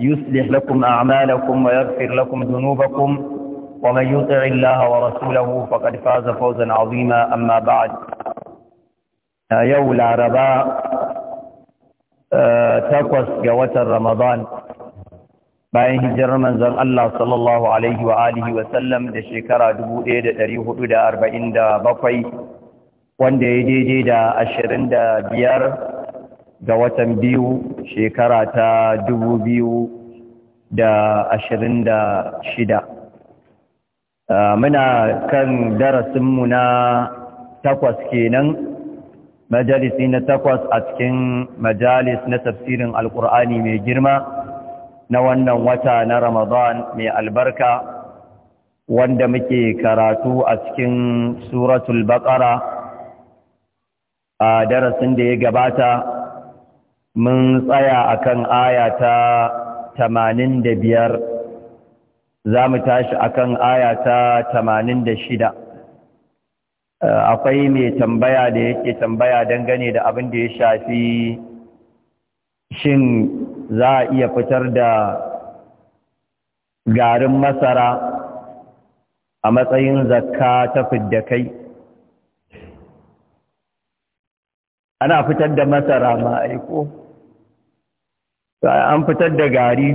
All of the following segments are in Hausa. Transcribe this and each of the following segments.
يصلح لكم أعمالكم ويغفر لكم ذنوبكم ومن يطع الله ورسوله فقد فاز فوزا عظيما أما بعد يوم العرباء takwas ga watan Ramadan bayan hijirar manzon Allah sallallahu alaihi wa alihi wa sallam da shekara 1447 wanda ya daidai da biyar ga watan biyu shekara ta dubu biyu da ashirin da shida muna kan darasinmu na takwas kenan majalisi na takwas a cikin majalis na tafsirin alkur'ani mai girma na wannan wata na ramadan mai albarka wanda muke karatu a cikin suratul baqara a darasin da ya gabata mun tsaya akan aya ta 85 za mu tashi akan aya ta shida eh, akwai mai tambaya da yake tambaya dangane da abin da ya shafi shin za a iya fitar da garin masara a matsayin zakka ta fidda kai ana fitar da masara ma aiko an fitar da gari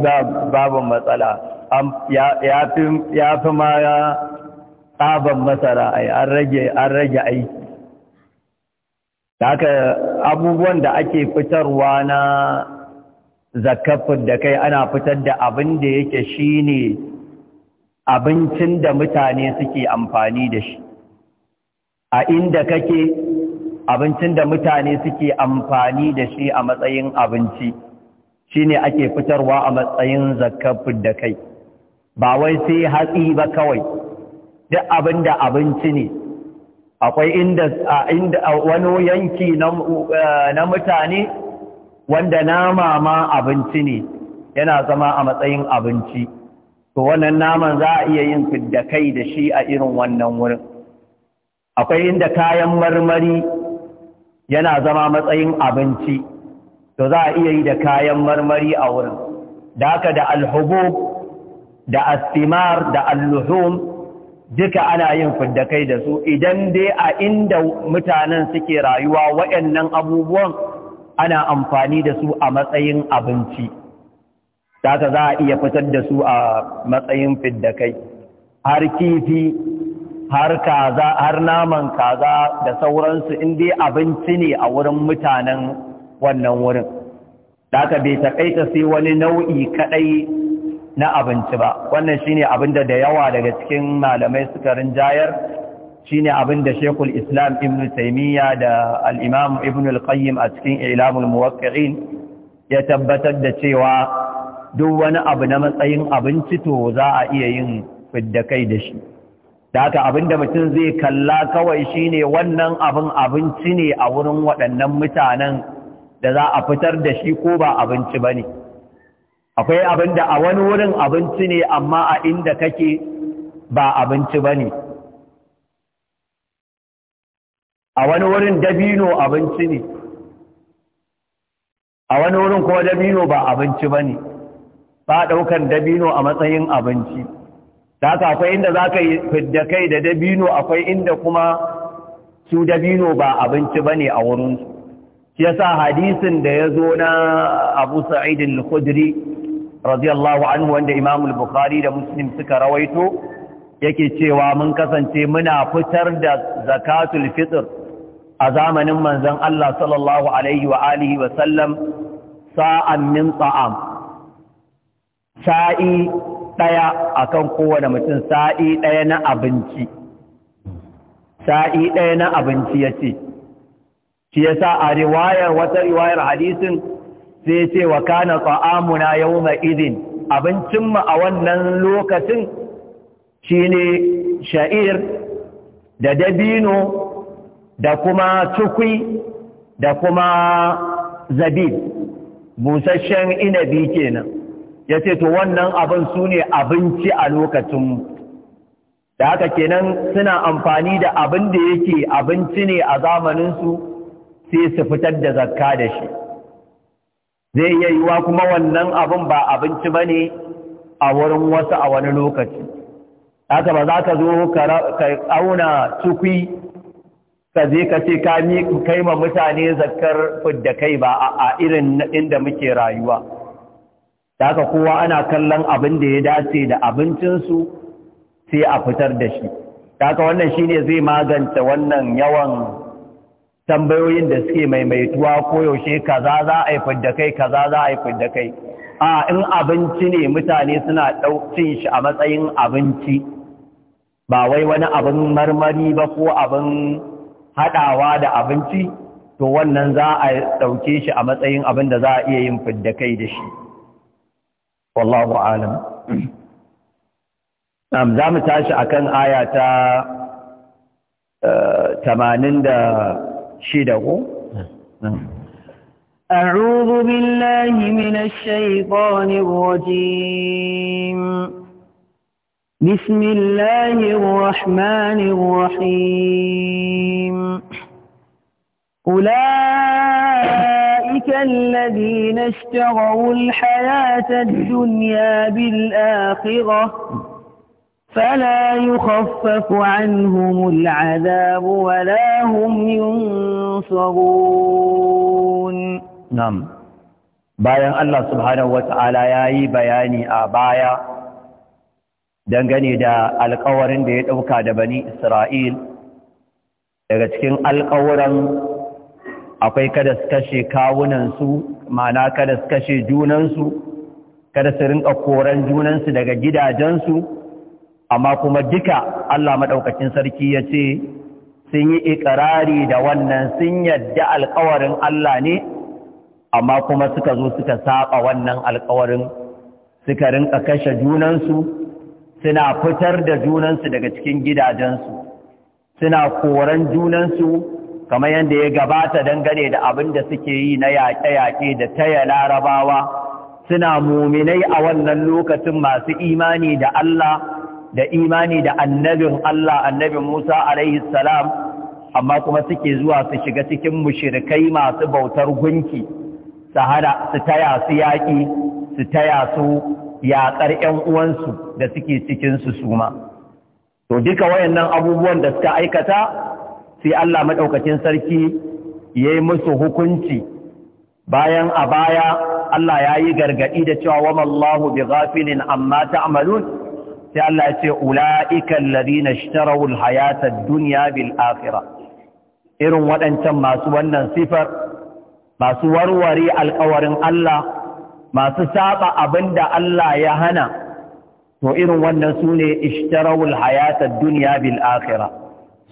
babu matsala ya fi ma ya tsaban masara an rage aiki haka abubuwan da ake fitarwa na zakafin da kai ana fitar da abin da yake shi ne abincin da mutane suke amfani da shi a inda kake abincin da mutane suke amfani da shi a matsayin abinci shine ake fitarwa a matsayin zakafin da kai ba wai sai hatsi ba kawai duk abin da abinci ne akwai inda wani yanki eh, na mutane wanda nama ma abinci ne yana zama a matsayin abinci to wannan naman za a iya yin kai da shi a irin wannan wurin akwai inda kayan marmari yana zama matsayin abinci to za a iya yi da kayan marmari a wurin da aka da alhubub da astimar da alluhum duka ana yin fiddakai da su idan dai a inda mutanen suke rayuwa waɗannan abubuwan ana amfani da su a matsayin abinci da za a iya fitar da su a matsayin fiddakai har kifi har kaza har naman kaza da sauransu in dai abinci ne a wurin mutanen wannan wurin da aka bai taƙaita sai wani nau'i kaɗai na abinci ba wannan shine abin da da yawa daga cikin malamai suka rinjayar shine abin da Sheikhul Islam Ibn Taymiyyah da al-Imam Ibn al-Qayyim a cikin Ilamul Muwaqqi'in ya tabbatar da cewa duk wani abu na matsayin abinci to za a iya yin fidda kai da shi da haka abin da mutum zai kalla kawai shine wannan abin abinci ne a wurin waɗannan mutanen da za a fitar da shi ko ba abinci ba ne akwai abin da a wani wurin abinci ne amma a inda kake ba abinci ba ne a wani wurin dabino abinci ne a wani wurin kuma dabino ba abinci ba ne ba ɗaukar dabino a matsayin abinci ta akwai inda za ka yi fidda kai da dabino akwai inda kuma su dabino ba abinci ba ne a wurinsu shi yasa hadisin da ya zo na abu sa'id al-khudri radiyallahu anhu wanda imam al-bukhari da muslim suka rawaito yake cewa mun kasance muna fitar da zakatul fitr a zamanin manzon Allah sallallahu alaihi wa alihi wa sallam sa'an min ta'am sa'i ɗaya a kan kowane mutum sa'i ɗaya na abinci, sa'i ɗaya na abinci ya shi yasa a riwayar wata riwayar hadisin sai ce wa kana ta'amuna yawma idin abincinmu a wannan lokacin shine sha'ir da dabino da kuma tukwi da kuma zabib busasshen inabi kenan Ya ce to wannan abin su ne abinci a lokacin da haka kenan suna amfani da abin da yake abinci ne a zamaninsu su sai su fitar da zakka da shi zai iya yiwuwa kuma wannan abin ba abinci ba ne a wurin wasu a wani lokaci haka ba za ka zo ka auna tukwi ka je ka ce ka kai ma mutane zakkar fidda kai ba a irin inda muke rayuwa haka kowa ana kallon abin da ya dace da abincinsu sai a fitar da shi haka wannan shine zai magance wannan yawan tambayoyin da suke maimaituwa ko yaushe kaza za a yi fidda kai kaza za a yi fidda kai a in abinci ne mutane suna cin shi a matsayin abinci ba wai wani abin marmari ba ko abin haɗawa da abinci to wannan za a ɗauke shi a matsayin abin da za a iya yin fidda kai da shi wallahu alam za mu tashi akan aya ta 80 eh, da shida نعم. أعوذ بالله من الشيطان الرجيم بسم الله الرحمن الرحيم أولئك الذين اشتروا الحياة الدنيا بالآخرة فلا يخفف عنهم العذاب ولا هم ينصرون نعم bayan Allah subhanahu wata'ala ya yi bayani a baya dangane da alkawarin da ya ɗauka da bani Isra'il daga cikin alkawuran akwai kada su kashe kawunansu mana kada su kashe junansu kada su rinka koran junansu daga gidajensu amma kuma duka Allah maɗaukacin sarki ya ce sun yi ikirari da wannan sun yadda alkawarin Allah ne amma kuma suka zo suka saba wannan alkawarin suka rinka kashe junansu suna fitar da junansu daga cikin gidajensu suna koran junansu kamar yadda ya gabata dangane da abin da suke yi na yaƙe-yaƙe da taya larabawa suna muminai a wannan lokacin masu imani da Allah da imani da annabin Allah annabin Musa alaihi salam amma kuma suke zuwa su shiga cikin mushirikai masu bautar gunki sahara su taya su yaƙi su taya su yaƙar ƴan uwansu da suke cikin su suma to duka wayannan abubuwan da suka aikata sai Allah madaukakin sarki yayi musu hukunci bayan a baya Allah ya yi gargaɗi da cewa wa bi ghafilin amma ta'malun sai Allah ya ce ula'ikan ladina ishtarawul hayatad dunya bil irin waɗancan masu wannan sifar masu warware alƙawarin Allah masu saba abinda Allah ya hana to irin wannan sune ishtarawul hayatad dunya bil akhirah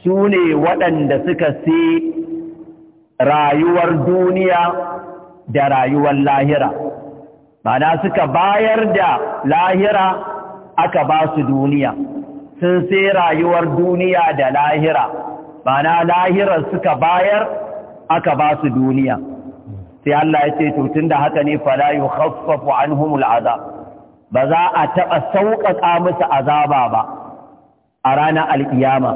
sune waɗanda suka si rayuwar duniya da rayuwar lahira ma'ana suka bayar da lahira aka ba su duniya sun sai rayuwar duniya da lahira ba na lahirar suka bayar aka ba su duniya sai Allah ya ce tutun da haka ne fala yi haffafu an humul ba za a taɓa sauƙaƙa musu azaba ba a ranar al'iyama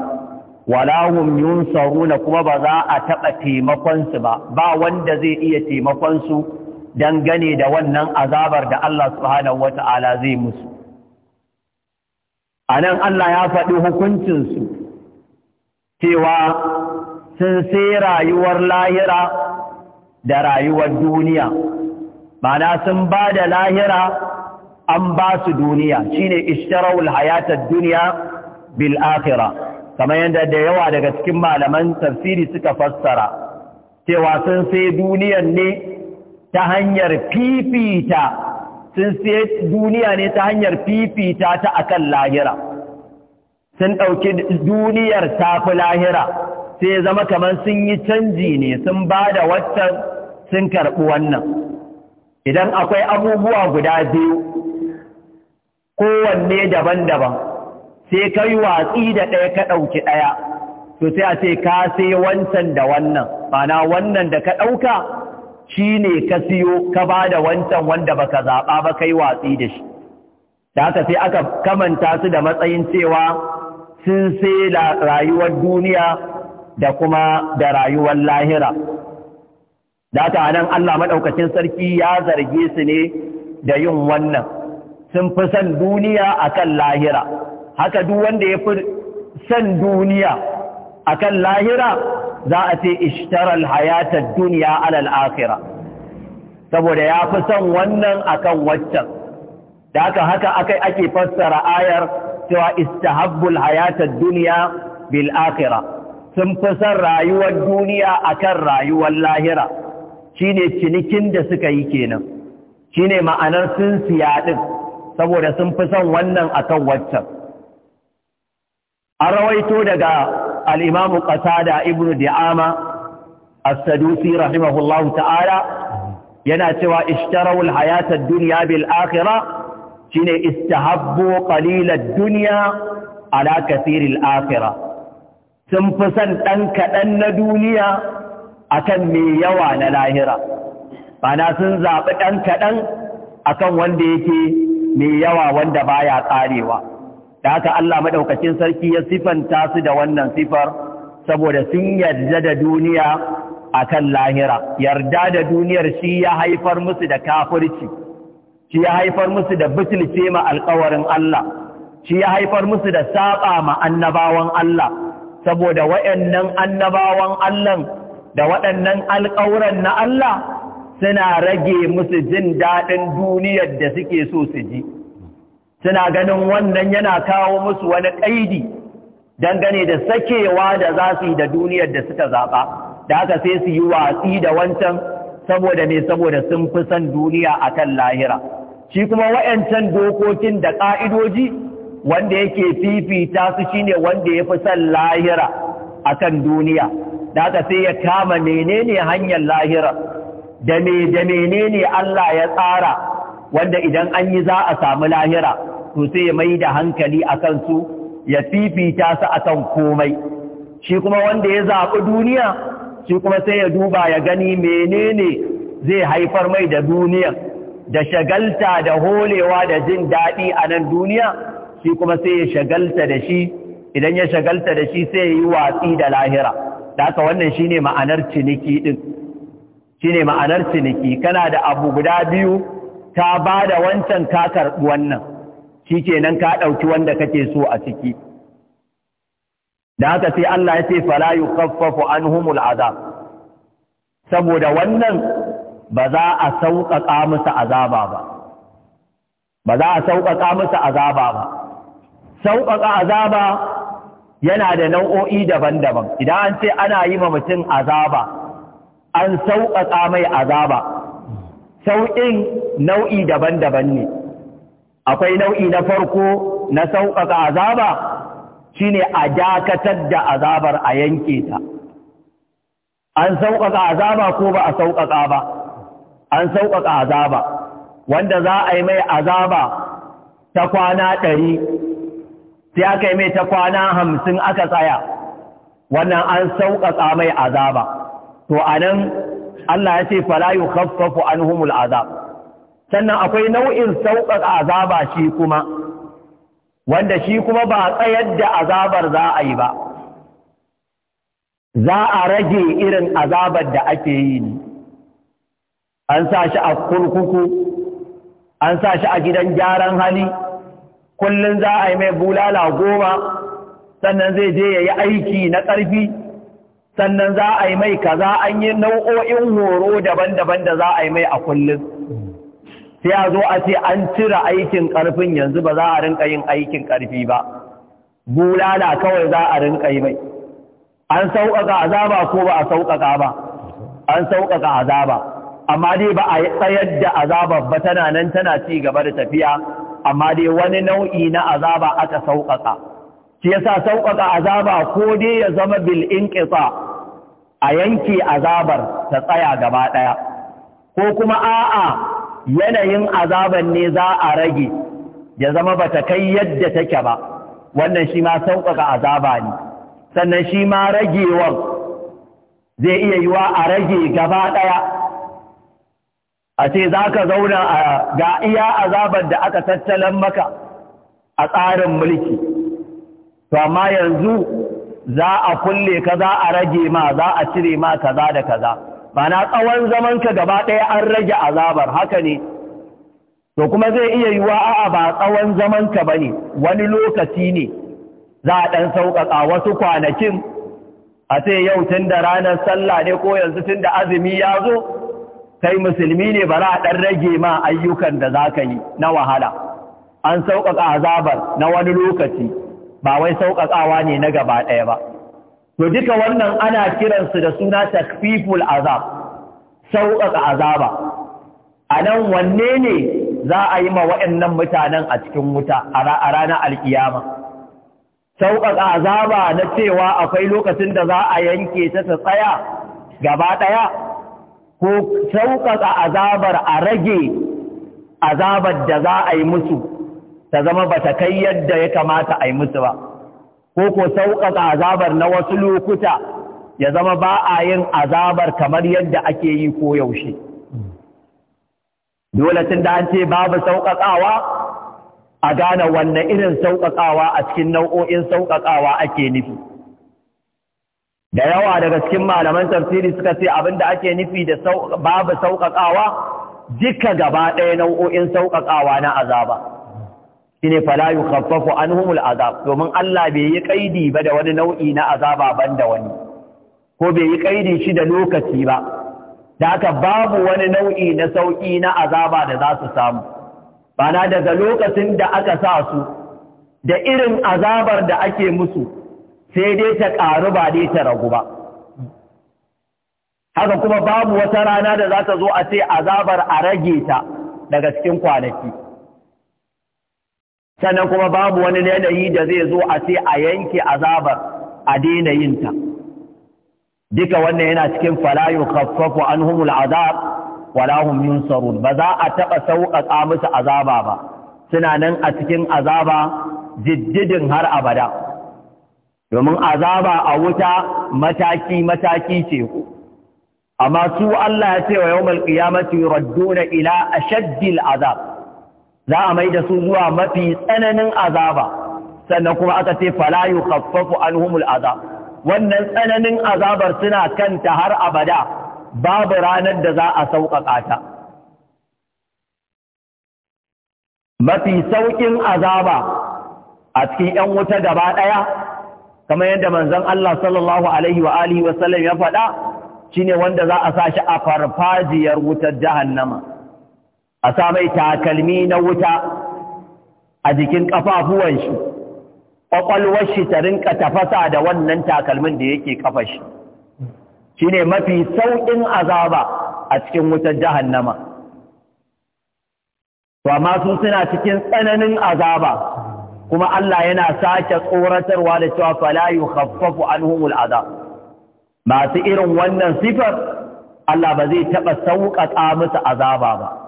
walahum yunsaruna kuma ba za a taɓa taimakonsu ba ba wanda zai iya taimakon su dangane da wannan azabar da Allah subhanahu wata'ala zai musu a nan Allah ya faɗi hukuncinsu cewa sun sai rayuwar lahira da rayuwar duniya mana sun ba da lahira an ba su duniya shine ishtarawul hayatar duniya bil akhirah kamar yadda da yawa daga cikin malaman tafsiri suka fassara cewa sun sai duniyan ne ta hanyar fifita sun siye duniya ne ta hanyar fifita ta akan lahira sun ɗauki duniyar tafi lahira sai zama kamar sun yi canji ne sun ba da watan sun karɓi wannan idan akwai abubuwa guda biyu kowanne daban-daban sai ka yi watsi da ɗaya ka ɗauki ɗaya to sai a ce ka sai wancan da wannan mana wannan da ka ɗauka shi ne ka siyo ka ba da wancan wanda baka zaɓa ba kai watsi da shi da aka sai aka kamanta su da matsayin cewa sun sai rayuwar duniya da kuma da rayuwar lahira da aka nan Allah maɗaukacin sarki ya zarge su ne da yin wannan sun fi son duniya akan lahira haka duk wanda ya fi son duniya akan lahira za a ce Ishtarar hayatar duniya alal akhira saboda ya fi son wannan akan waccan da haka haka akai ake fassara ayar cewa istahabbul hayatar duniya bil akhira sun fi son rayuwar duniya akan rayuwar lahira shine cinikin da suka yi kenan shine ma'anar sun siya din saboda sun fi son wannan akan waccan an rawaito daga al'imamu ƙasada ibn di'ama as-sadusi rahimahullahu ta'ala yana cewa ishtarawul hayatar duniya bil akhira shine istahabbu qalilad duniya ala kathiril akhira sun fi son ɗan kaɗan na duniya akan mai yawa na lahira bana sun zaɓi ɗan kaɗan akan wanda yake mai yawa wanda baya ƙarewa da haka Allah maɗaukacin sarki ya sifanta su da wannan sifar saboda sun yarda da duniya a kan lahira yarda da duniyar shi ya haifar musu da kafirci shi ya haifar musu da butulce ma alkawarin Allah shi ya haifar musu da saba ma annabawan Allah saboda waɗannan annabawan Allah da waɗannan alkawuran na Allah suna rage musu jin daɗin duniyar da suke so su ji suna ganin wannan yana kawo musu wani ƙaidi dangane da sakewa da za su yi da duniyar da suka zaɓa da haka sai su yi watsi da wancan saboda mai saboda sun fi son duniya a kan lahira shi kuma wa'yancan dokokin da ƙa'idoji wanda yake fifita su shine wanda ya fi son lahira a kan duniya da haka sai ya kama menene hanyar lahira da menene Allah ya tsara wanda idan an yi za a samu lahira to sai ya mai da hankali a kansu ya fifita su a kan komai shi kuma wanda ya zaɓi duniya shi kuma sai ya duba ya gani menene zai haifar mai da duniya da shagalta da holewa da jin daɗi a nan duniya shi kuma sai ya shagalta da shi idan ya shagalta da shi sai ya yi watsi da lahira da haka wannan shi ne ma'anar ciniki ɗin shi ne ma'anar ciniki kana da abu guda biyu ta ba da wancan ka karɓi wannan kenan ka ɗauki wanda kake so a ciki da haka sai Allah ya ce fala an humul azab saboda wannan ba za a sauƙaƙa musu azaba ba ba za a sauƙaƙa musu azaba ba sauƙaƙa azaba yana da nau'o'i daban-daban idan an ce ana yi ma mutum azaba an sauƙaƙa mai azaba sauƙin nau'i daban-daban ne akwai nau'i na farko na sauƙaƙa azaba shine a dakatar da azabar a yanke ta an sauƙaƙa azaba ko ba a sauƙaƙa ba an sauƙaƙa azaba wanda za a yi mai azaba ta kwana ɗari sai aka yi mai ta kwana hamsin aka tsaya wannan an sauƙaƙa mai azaba to a nan Allah ya ce falayu yi an humul azab sannan akwai nau'in sauƙaƙa azaba shi kuma wanda shi kuma ba tsayar da azabar za a yi ba za a rage irin azabar da ake yi ne an sa shi a kurkuku an sa shi a gidan gyaran hali kullum za a yi mai bulala goma sannan zai je ya yi aiki na ƙarfi sannan za a yi mai kaza an yi nau'o'in horo daban-daban da za a yi mai a kullum sai a zo a ce an cire aikin ƙarfin yanzu ba za a rinka yin aikin ƙarfi ba bulala kawai za a rinka yi mai an sauƙaƙa azaba ko ba a sauƙaƙa ba an sauƙaƙa azaba amma dai ba a tsayar da azaba ba tana nan tana ci gaba da tafiya amma dai wani nau'i na azaba aka sauƙaƙa shi yasa sauƙaƙa azaba ko dai ya zama bil inqita a yanke azabar ta tsaya gaba ɗaya ko kuma a'a yanayin azaban ne za a rage ya zama ba ta kai yadda take ba wannan shi ma sauƙaƙa azaba ne sannan shi ma ragewar zai iya yiwa a rage gaba ɗaya a ce za ka zauna a ga iya azabar da aka tattalin maka a tsarin mulki to amma yanzu za a kulle ka za a rage ma za a cire ma kaza da kaza bana tsawon zamanka gaba ɗaya an rage azabar haka ne to kuma zai iya yi wa, a'a ba tsawon zamanka ba ne wani lokaci ne za a ɗan sauƙaƙa wasu kwanakin a ce yau tun da ranar sallah ne ko yanzu tun da azumi ya zo kai musulmi ne bara a ɗan rage ma ayyukan da za ka yi na wahala an sauƙaƙa azabar na wani lokaci ba wai sauƙaƙawa ne na gaba ɗaya ba to duka wannan ana kiransu da suna takfiful azab sauƙaƙa azaba a nan wanne ne za a yi ma waɗannan mutanen a cikin wuta a ranar alkiyama sauƙaƙa azaba na cewa akwai lokacin da za a yanke ta ta tsaya gaba ɗaya ko sauƙaƙa azabar a rage azabar da za a yi musu ta zama ba ta kai yadda ya kamata a yi musu ba ko ko sauƙaƙa azabar na wasu lokuta ya zama ba a yin azabar kamar yadda ake yi ko yaushe dole tun da an ce babu sauƙaƙawa a gane wanne irin sauƙaƙawa a cikin nau'o'in sauƙaƙawa ake nufi da yawa daga cikin malaman tafsiri suka ce abin da ake nufi da babu sauƙaƙawa duka gaba ɗaya nau'o'in sauƙaƙawa na azaba shine fala yukhaffafu anhumul azab domin Allah bai yi kaidi ba da wani nau'i na azaba banda wani ko bai yi kaidi shi da lokaci ba da haka babu wani nau'i na sauƙi na azaba da za su samu bana daga lokacin da aka sa su da irin azabar da ake musu sai dai ta ƙaru ba dai ta ragu ba haka kuma babu wata rana da za ta zo a ce azabar a rage ta daga cikin kwanaki sannan kuma babu wani yanayi da zai zo a ce a yanke azabar a daina yinta duka wannan yana cikin falayu khaffafu anhumul azab wala hum yunsarun ba za a taba sauƙaƙa musu azaba ba suna nan a cikin azaba jiddidin har abada domin azaba a wuta mataki mataki ce ku amma su Allah ya ce wa yawmal qiyamati yuradduna ila ashaddil azab za a mai da su zuwa mafi tsananin azaba sannan kuma aka ce fala yukhaffafu anhumul azab wannan tsananin azabar suna kanta har abada babu ranar da za a sauƙaƙa ta mafi sauƙin azaba a cikin ‘yan wuta gaba ɗaya kamar yadda manzon Allah sallallahu Alaihi wa Alihi ya faɗa shine wanda za a sa shi a farfajiyar wutar jahannama. a sa mai takalmi na wuta a jikin ƙafafuwan shi ƙwaƙwalwar shi ta rinka tafasa da wannan takalmin da yake ƙafa shi shine mafi sauƙin azaba a cikin wutar jahannama Nama. amma su suna cikin tsananin azaba kuma Allah yana sake tsoratarwa da cewa fala yukhaffafu anhumul azab masu irin wannan sifar Allah ba zai taɓa sauƙaƙa musu azaba ba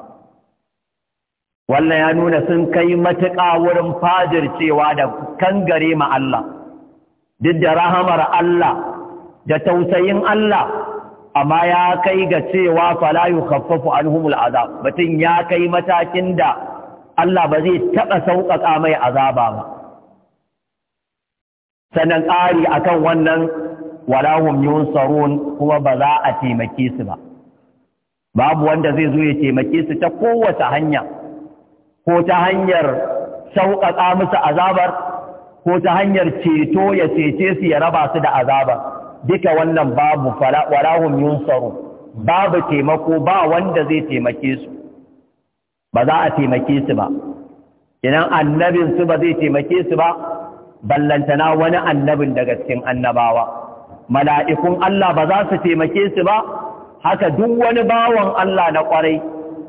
wannan ya nuna sun kai matuƙa wurin cewa da kangare ma Allah duk da rahamar Allah da tausayin Allah amma ya kai ga cewa fala yukhaffafu anhumul azab mutum ya kai matakin da Allah ba zai taɓa sauƙaƙa mai azaba ba sannan ƙari akan wannan walahum yunsarun kuma ba za a taimake su ba babu wanda zai zo ya taimake su ta kowace hanya ko ta hanyar sauƙaƙa musu azabar ko ta hanyar ceto ya cece su ya raba su da azabar duka wannan babu walahum yunsaru babu taimako ba wanda zai taimake su ba za a taimake su ba idan annabin su ba zai taimake su ba ballantana wani annabin daga cikin annabawa mala'ikun Allah ba za su taimake su ba haka duk wani bawan Allah na kwarai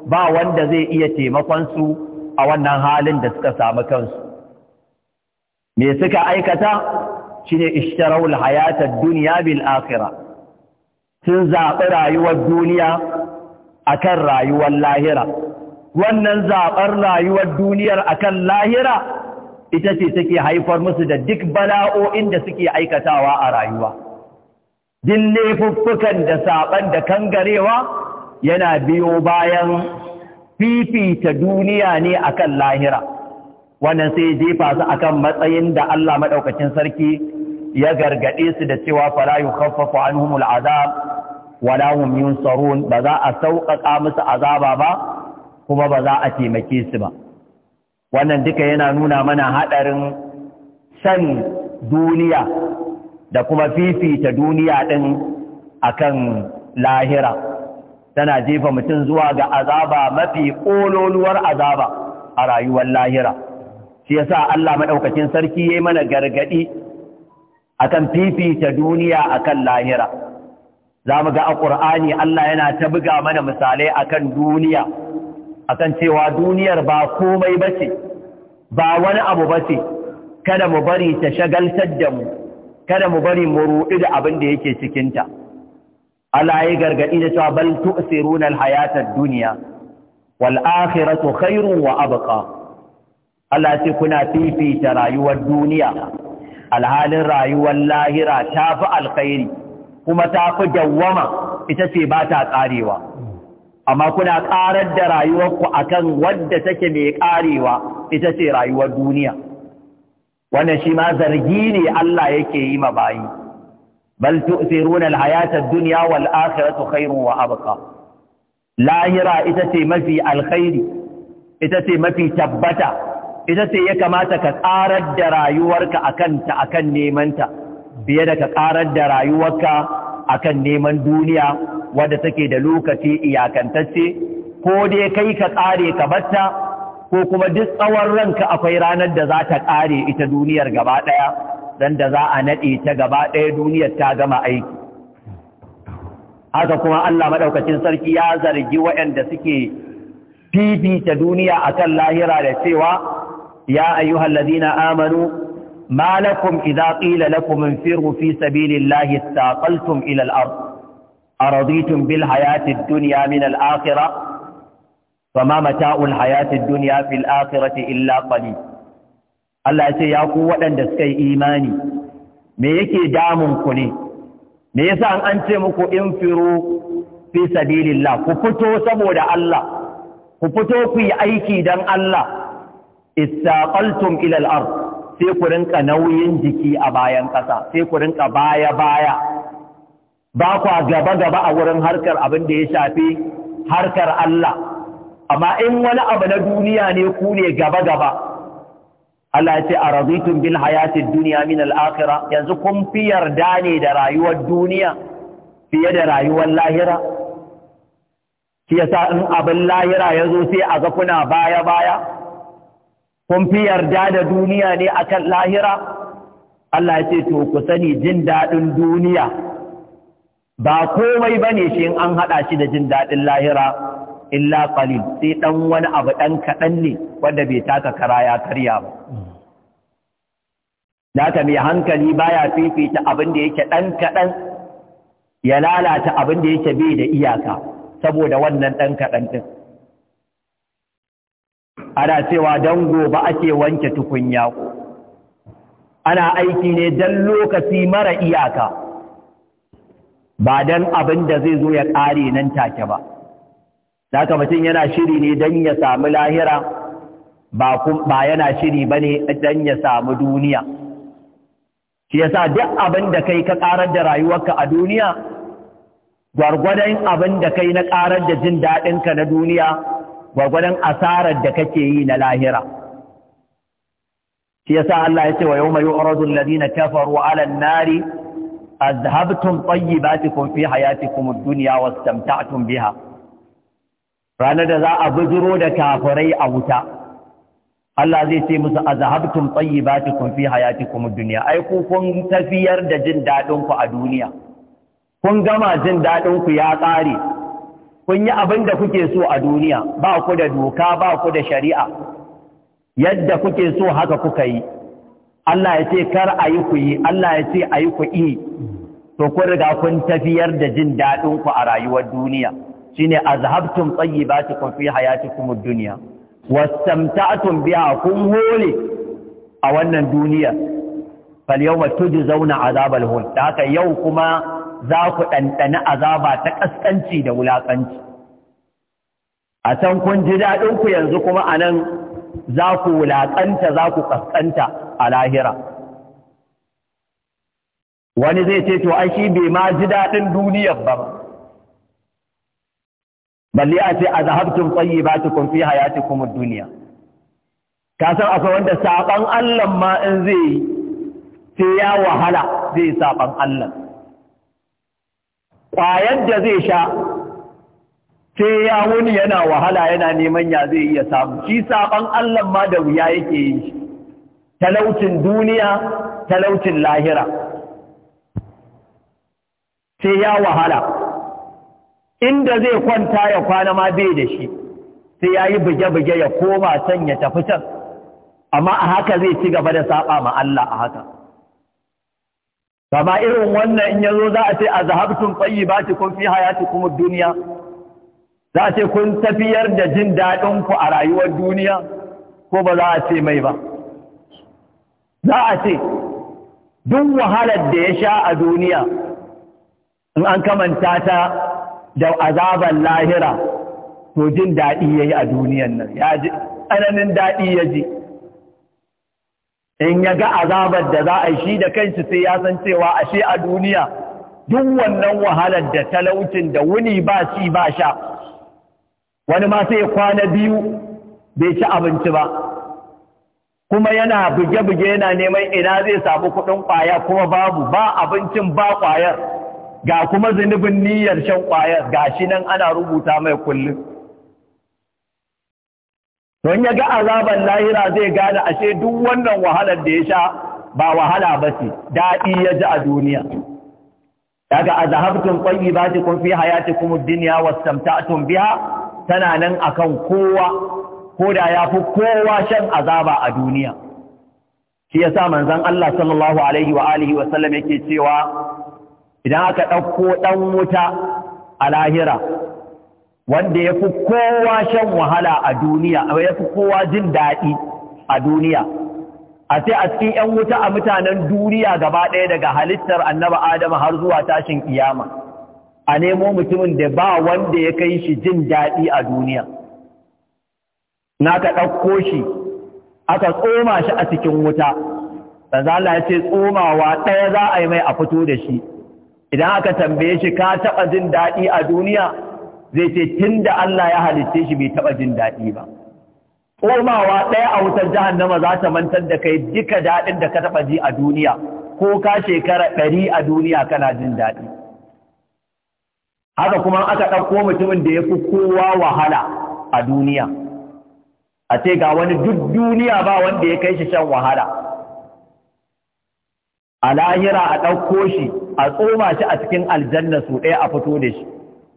ba wanda zai iya taimakon su a wannan halin da suka samu kansu me suka aikata shine ishtarawul hayatar duniya bil akhirah sun zaɓi rayuwar duniya akan rayuwar lahira wannan zaɓar rayuwar duniyar akan lahira ita ce take haifar musu da duk bala'o'in da suke aikatawa a rayuwa din laifuffukan da saɓan da kangarewa yana biyo bayan fifita duniya ne akan lahira wannan sai jefa su akan matsayin da Allah maɗaukacin sarki ya gargaɗe su da cewa fala yukhaffafu anhumul azab wala hum yunsarun ba za a sauƙaƙa musu azaba ba kuma ba za a taimake su ba wannan duka yana nuna mana haɗarin shan duniya da kuma fifita duniya din akan lahira tana jefa mutum zuwa ga azaba mafi ƙololuwar azaba a rayuwar lahira shi yasa Allah maɗaukacin sarki yi mana gargadi akan fifita duniya akan lahira zamu ga a ƙur'ani Allah yana ta buga mana misalai akan duniya akan cewa duniyar ba komai ce, ba wani abu bace kada mu bari ta shagaltar da mu kada mu bari mu ruɗi da abin da yake cikinta ta Allah ya gargadi da cewa bal tu'siruna duniya. hayata ad-dunya wal akhiratu khairun wa abqa Allah ce kuna fifita rayuwar duniya alhalin rayuwar lahira tafi alkhairi kuma tafi dawwama ita ce ba ta karewa amma kuna karar da rayuwarku akan wadda take mai karewa ita ce rayuwar duniya wannan shi ma zargi ne Allah yake yi ma bayi bal tu'thiruna hayata ad-dunya wal ahiratu khairun wa lahira ita ce mafi alkhairi ita ce mafi tabbata ita ce ya kamata ka ƙarar da rayuwarka akan akan nemanta, ta da ka ƙarar da rayuwarka akan neman duniya wadda take da lokaci iyakantacce ko dai kai ka ƙare ka batta ko kuma duk tsawon ranka akwai ranar da za ta ƙare ita duniyar gaba ɗaya dan da za a naɗe ta gaba ɗaya duniyar ta gama aiki haka kuma Allah maɗaukacin sarki ya zargi waɗanda suke fifita duniya akan lahira da cewa ya ayyuhal ladina amanu ma lakum idza ƙila lakum infiru fi sabilillahi istaqaltum ila al-ard araditum bil hayati duniya min al fama mata'ul hayati duniya dunya fil akhirati illa qalil Allah ya ce ya ku waɗanda suka yi imani me yake damun ku ne me yasa an ce muku infiru fi sabilillah ku fito saboda Allah ku fito ku yi aiki dan Allah istaqaltum ila al-ard sai ku rinka nauyin jiki a bayan ƙasa sai ku rinka baya baya ba ku gaba gaba a wurin harkar abin da ya shafi harkar Allah amma in wani abu na duniya ne ku ne gaba gaba Allah ya ce a bil hayatid duniya min al-akhirah yanzu kun fi yarda ne da rayuwar duniya fiye da rayuwar lahira shi yasa in abin lahira ya zo sai a ga kuna baya baya kun fi yarda da duniya ne akan lahira Allah ya ce to ku sani jin daɗin duniya ba komai bane shi in an haɗa shi da jin daɗin lahira illa qalil sai dan wani abu dan kadan ne wanda bai taka kara ya karya ba ta mai hankali baya fifita abin da yake dan kadan ya lalata abin da yake bai da iyaka saboda wannan dan kadan din ana cewa dan gobe ake wanke tukunya ana aiki ne dan lokaci mara iyaka ba dan abin da zai zo ya kare nan take ba haka mutum yana shiri ne don ya samu lahira ba yana shiri ba ne don ya samu duniya shi yasa duk abin da kai ka ƙarar da rayuwarka a duniya gwargwadon abin da kai na ƙarar da jin daɗinka na duniya gwargwadon asarar da kake yi na lahira shi yasa Allah ya ce wa yau mai yu'radul ladina kafaru 'alan nari azhabtum tayyibatikum fi hayatikum ad-dunya wastamta'tum biha ranar da za a bujiro da kafirai a wuta Allah zai ce musu azhabtum kun fi hayatikum ad-dunya ai ku kun tafiyar da jin dadin ku a duniya kun gama jin dadin ku ya tsare kun yi abin da kuke so a duniya ba ku da doka ba ku da shari'a yadda kuke so haka kuka yi Allah ya ce kar a yi ku yi Allah ya ce a yi ku yi to kun riga kun tafiyar da jin dadin ku a rayuwar duniya shine azhabtum tayyibatikum fi hayatikum ad duniya wastamta'tum biha kun hole a wannan duniya fal yawma zauna azabal hul da haka yau kuma za ku dandana azaba ta ƙasƙanci da wulakanci a can kun ji daɗin ku yanzu kuma anan za ku wulaƙanta za ku ƙasƙanta a lahira wani zai ce to ai shi bai ma ji daɗin duniyar ba balle a ce azhabtum tayyibatukum fi hayatikum kuma duniya. ka san akwai wanda saban Allah ma in zai sai ya wahala zai saban Allah ƙwayar da zai sha sai ya wuni yana wahala yana neman ya zai iya samu shi saban Allah ma da wuya yake yi talaucin duniya talaucin lahira sai ya wahala inda zai kwanta ya kwana ma bai da shi sai ya yi buge-buge ya koma can ya tafi can amma a haka zai ci gaba da saba ma Allah a haka kama irin wannan in yazo za a ce a zahabtun tsayi ba ci kun fi hayati kuma duniya za a ce kun tafiyar da jin daɗin ku a rayuwar duniya ko ba za a ce mai ba za a ce duk wahalar da ya sha a duniya in an kamanta ta da azaban lahira to jin daɗi ya yi a duniyan nan ya ji tsananin daɗi ya ji in ya ga azabar da za a shi da kanshi sai ya san cewa ashe a duniya duk wannan wahalar da talaucin da wuni ba ci ba sha wani ma sai kwana biyu bai ci abinci ba kuma yana buge-buge yana neman ina zai sabu kuɗin ƙwaya kuma babu ba abincin ba ƙwayar ga kuma zunubin niyyar shan ƙwayar ga shi nan ana rubuta mai kullum don ya ga azaban lahira zai gane ashe duk wannan wahalar da ya sha ba wahala ba ce daɗi ya ji a duniya daga ce kun fi hayati ad-dunya wastamta'tum biya tana nan akan kowa ko da fi kowa shan azaba a duniya shi ya sa manzan Allah sallallahu alaihi wa alihi wa sallam yake cewa idan aka ɗauko ɗan wuta a lahira wanda ya fi kowa shan wahala a duniya ya fi kowa jin daɗi a duniya a sai a cikin 'yan wuta a mutanen duniya gaba ɗaya daga halittar annaba adama har zuwa tashin kiyama a nemo mutumin da ba wanda ya kai shi jin daɗi a duniya na ka ɗauko shi aka tsoma shi a cikin wuta da ce tsomawa ɗaya za a yi mai a fito da shi idan aka tambaye shi ka taɓa jin daɗi a duniya zai ce tun da Allah ya halitte shi bai taɓa jin daɗi ba komawa ɗaya a wutar jahannama za ta mantar da kai duka daɗin da ka taɓa ji a duniya ko ka shekara ɗari a duniya kana jin daɗi haka kuma aka ɗauko mutumin da ya fi kowa wahala a duniya a ce ga wani duk duniya ba wanda ya kai shi shan wahala a lahira a ɗauko shi a tsoma shi a cikin aljanna su ɗaya a fito da shi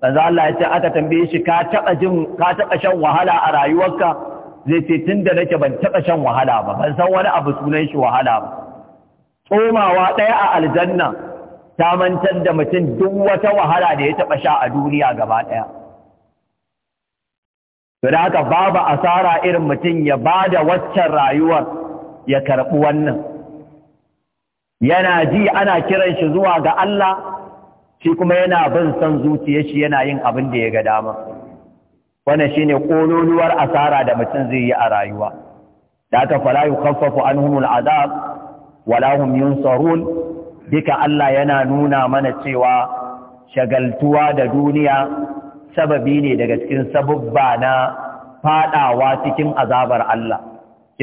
sanzu Allah ya ce aka tambaye shi ka taɓa jin ka taɓa shan wahala a rayuwarka zai ce tun da nake ban taɓa shan wahala ba ban san wani abu sunan shi wahala ba tsomawa ɗaya a aljanna ta mantar da mutum duk wata wahala da ya taɓa sha a duniya gaba ɗaya to da haka babu asara irin mutum ya ba da waccan rayuwar ya karɓi wannan yana ji ana kiran shi zuwa ga Allah shi kuma yana bin san zuciyar shi yana yin abin da ya ga dama wannan shine kololuwar asara da mutum zai yi a rayuwa da ta fala yukaffafu anhumul azab wala hum yunsarun duka Allah yana nuna mana cewa shagaltuwa da duniya sababi ne daga cikin sabubba na fadawa cikin azabar Allah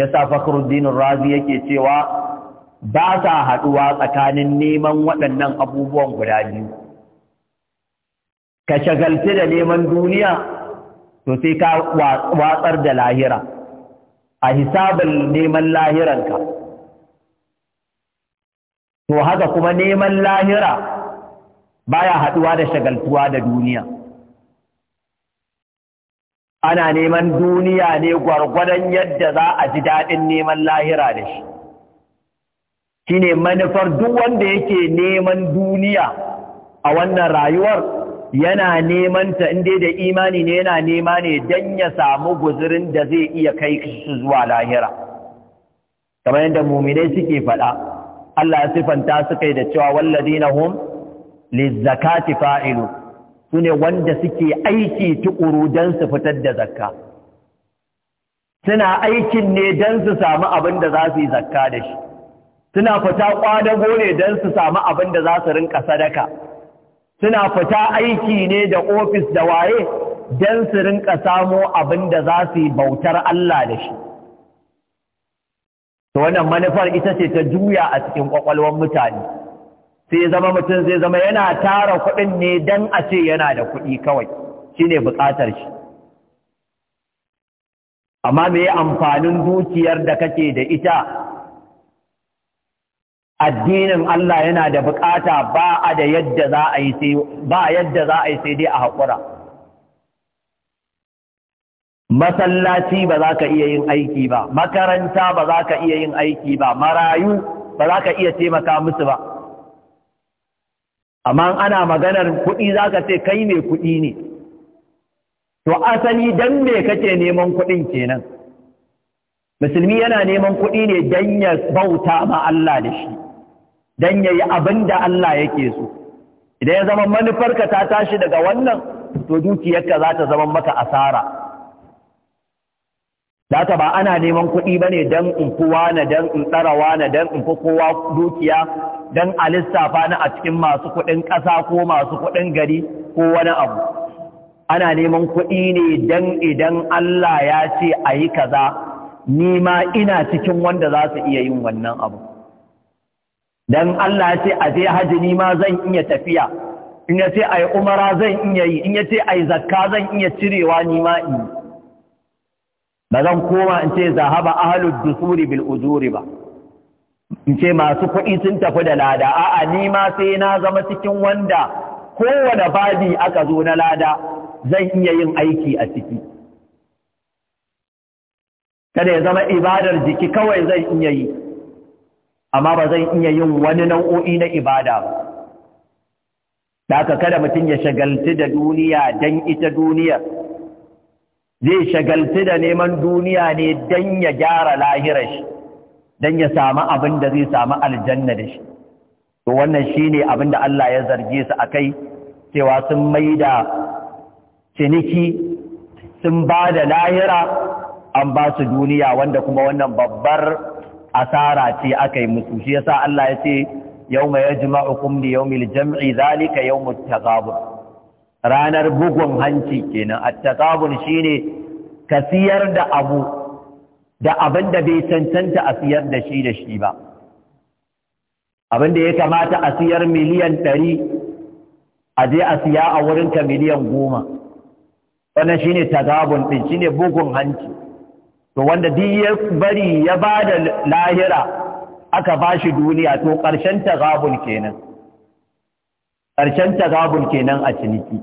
yasa Fakhruddin Razi yake cewa ba sa haɗuwa tsakanin neman waɗannan abubuwan guda biyu ka shagalci da neman duniya to sai ka watsar da lahira a hisabin neman lahiranka to haka kuma neman lahira baya haɗuwa da shagaltuwa da duniya ana neman duniya ne gwargwadon yadda za a ji daɗin neman lahira da shi shine manufar duk wanda yake neman duniya a wannan rayuwar yana neman ta inda da imani ne yana nema ne don ya samu guzurin da zai iya kai shi zuwa lahira kamar yadda muminai suke faɗa Allah ya sifanta su kai da cewa walladina hum lizzakati fa'ilu sune wanda suke aiki tukuru don su fitar da zakka suna aikin ne don su samu abin da za su yi zakka da shi suna fita kwadago ne don su samu abin da za su rinka sadaka suna fita aiki ne da ofis da waye don su rinka samo abin da za su bautar Allah da shi to wannan manufar ita ce ta juya a cikin kwakwalwar mutane sai zama mutum zai zama yana tara kuɗin ne don a ce yana da kuɗi kawai shine buƙatar shi amma me amfanin dukiyar da kake da ita addinin Allah yana da bukata ba a da yadda za a yi sai ba yadda za a yi sai dai a haƙura masallaci ba za ka iya yin aiki ba makaranta ba za ka iya yin aiki ba marayu ba za ka iya taimaka musu ba amma ana maganar kuɗi za ka ce kai mai kuɗi ne to asali dan me kake neman kuɗin kenan musulmi yana neman kuɗi ne dan ya bauta ma Allah da shi don ya yi abin da Allah yake so idan ya zama manufarka ta tashi daga wannan to dukiyarka za ta zama maka asara Data ba ana neman kuɗi ba ne don in kowa na don in tsarawa na don in kowa dukiya don a lissafa na a cikin masu kuɗin ƙasa ko masu kuɗin gari ko wani abu. Ana neman kuɗi ne don idan Allah ya ce a yi kaza, ni ma ina cikin wanda za su iya yin wannan abu. dan Allah ya ce a je haji ni ma zan iya tafiya in ya ce ai umara zan iya yi in ya ce ai zakka zan iya cirewa ni ma in ba zan koma in ce zahaba ahlud dusuri bil ujuri ba in ce masu kuɗi sun tafi da lada a'a ni ma sai na zama cikin wanda kowane babi aka zo na lada zan iya yin aiki a ciki kada ya zama ibadar jiki kawai zan iya yi amma ba zan iya yin wani nau'o'i na ibada ba da aka kada mutum ya shagalci da duniya don ita duniya zai shagaltu da neman duniya ne don ya gyara lahirar shi don ya samu abin da zai samu aljanna da shi to wannan shi ne abin da Allah ya zarge su a kai cewa sun maida ciniki sun bada lahira an ba su duniya wanda kuma wannan babbar asara ce aka yi musu shi yasa Allah ya ce yawma yajma'ukum li yawmil jam'i zalika yawmut taqabun ranar bugun hanci kenan at shi ne ka siyar da abu da abin da bai cancanta a siyar da shi da shi ba abin da ya kamata a siyar miliyan ɗari a je a siya a wurinka miliyan goma wannan shine tagabun ɗin shine bugun hanci to wanda duk ya bari ya ba da lahira aka ba shi duniya to ƙarshen tagabul kenan ƙarshen tagabul kenan a ciniki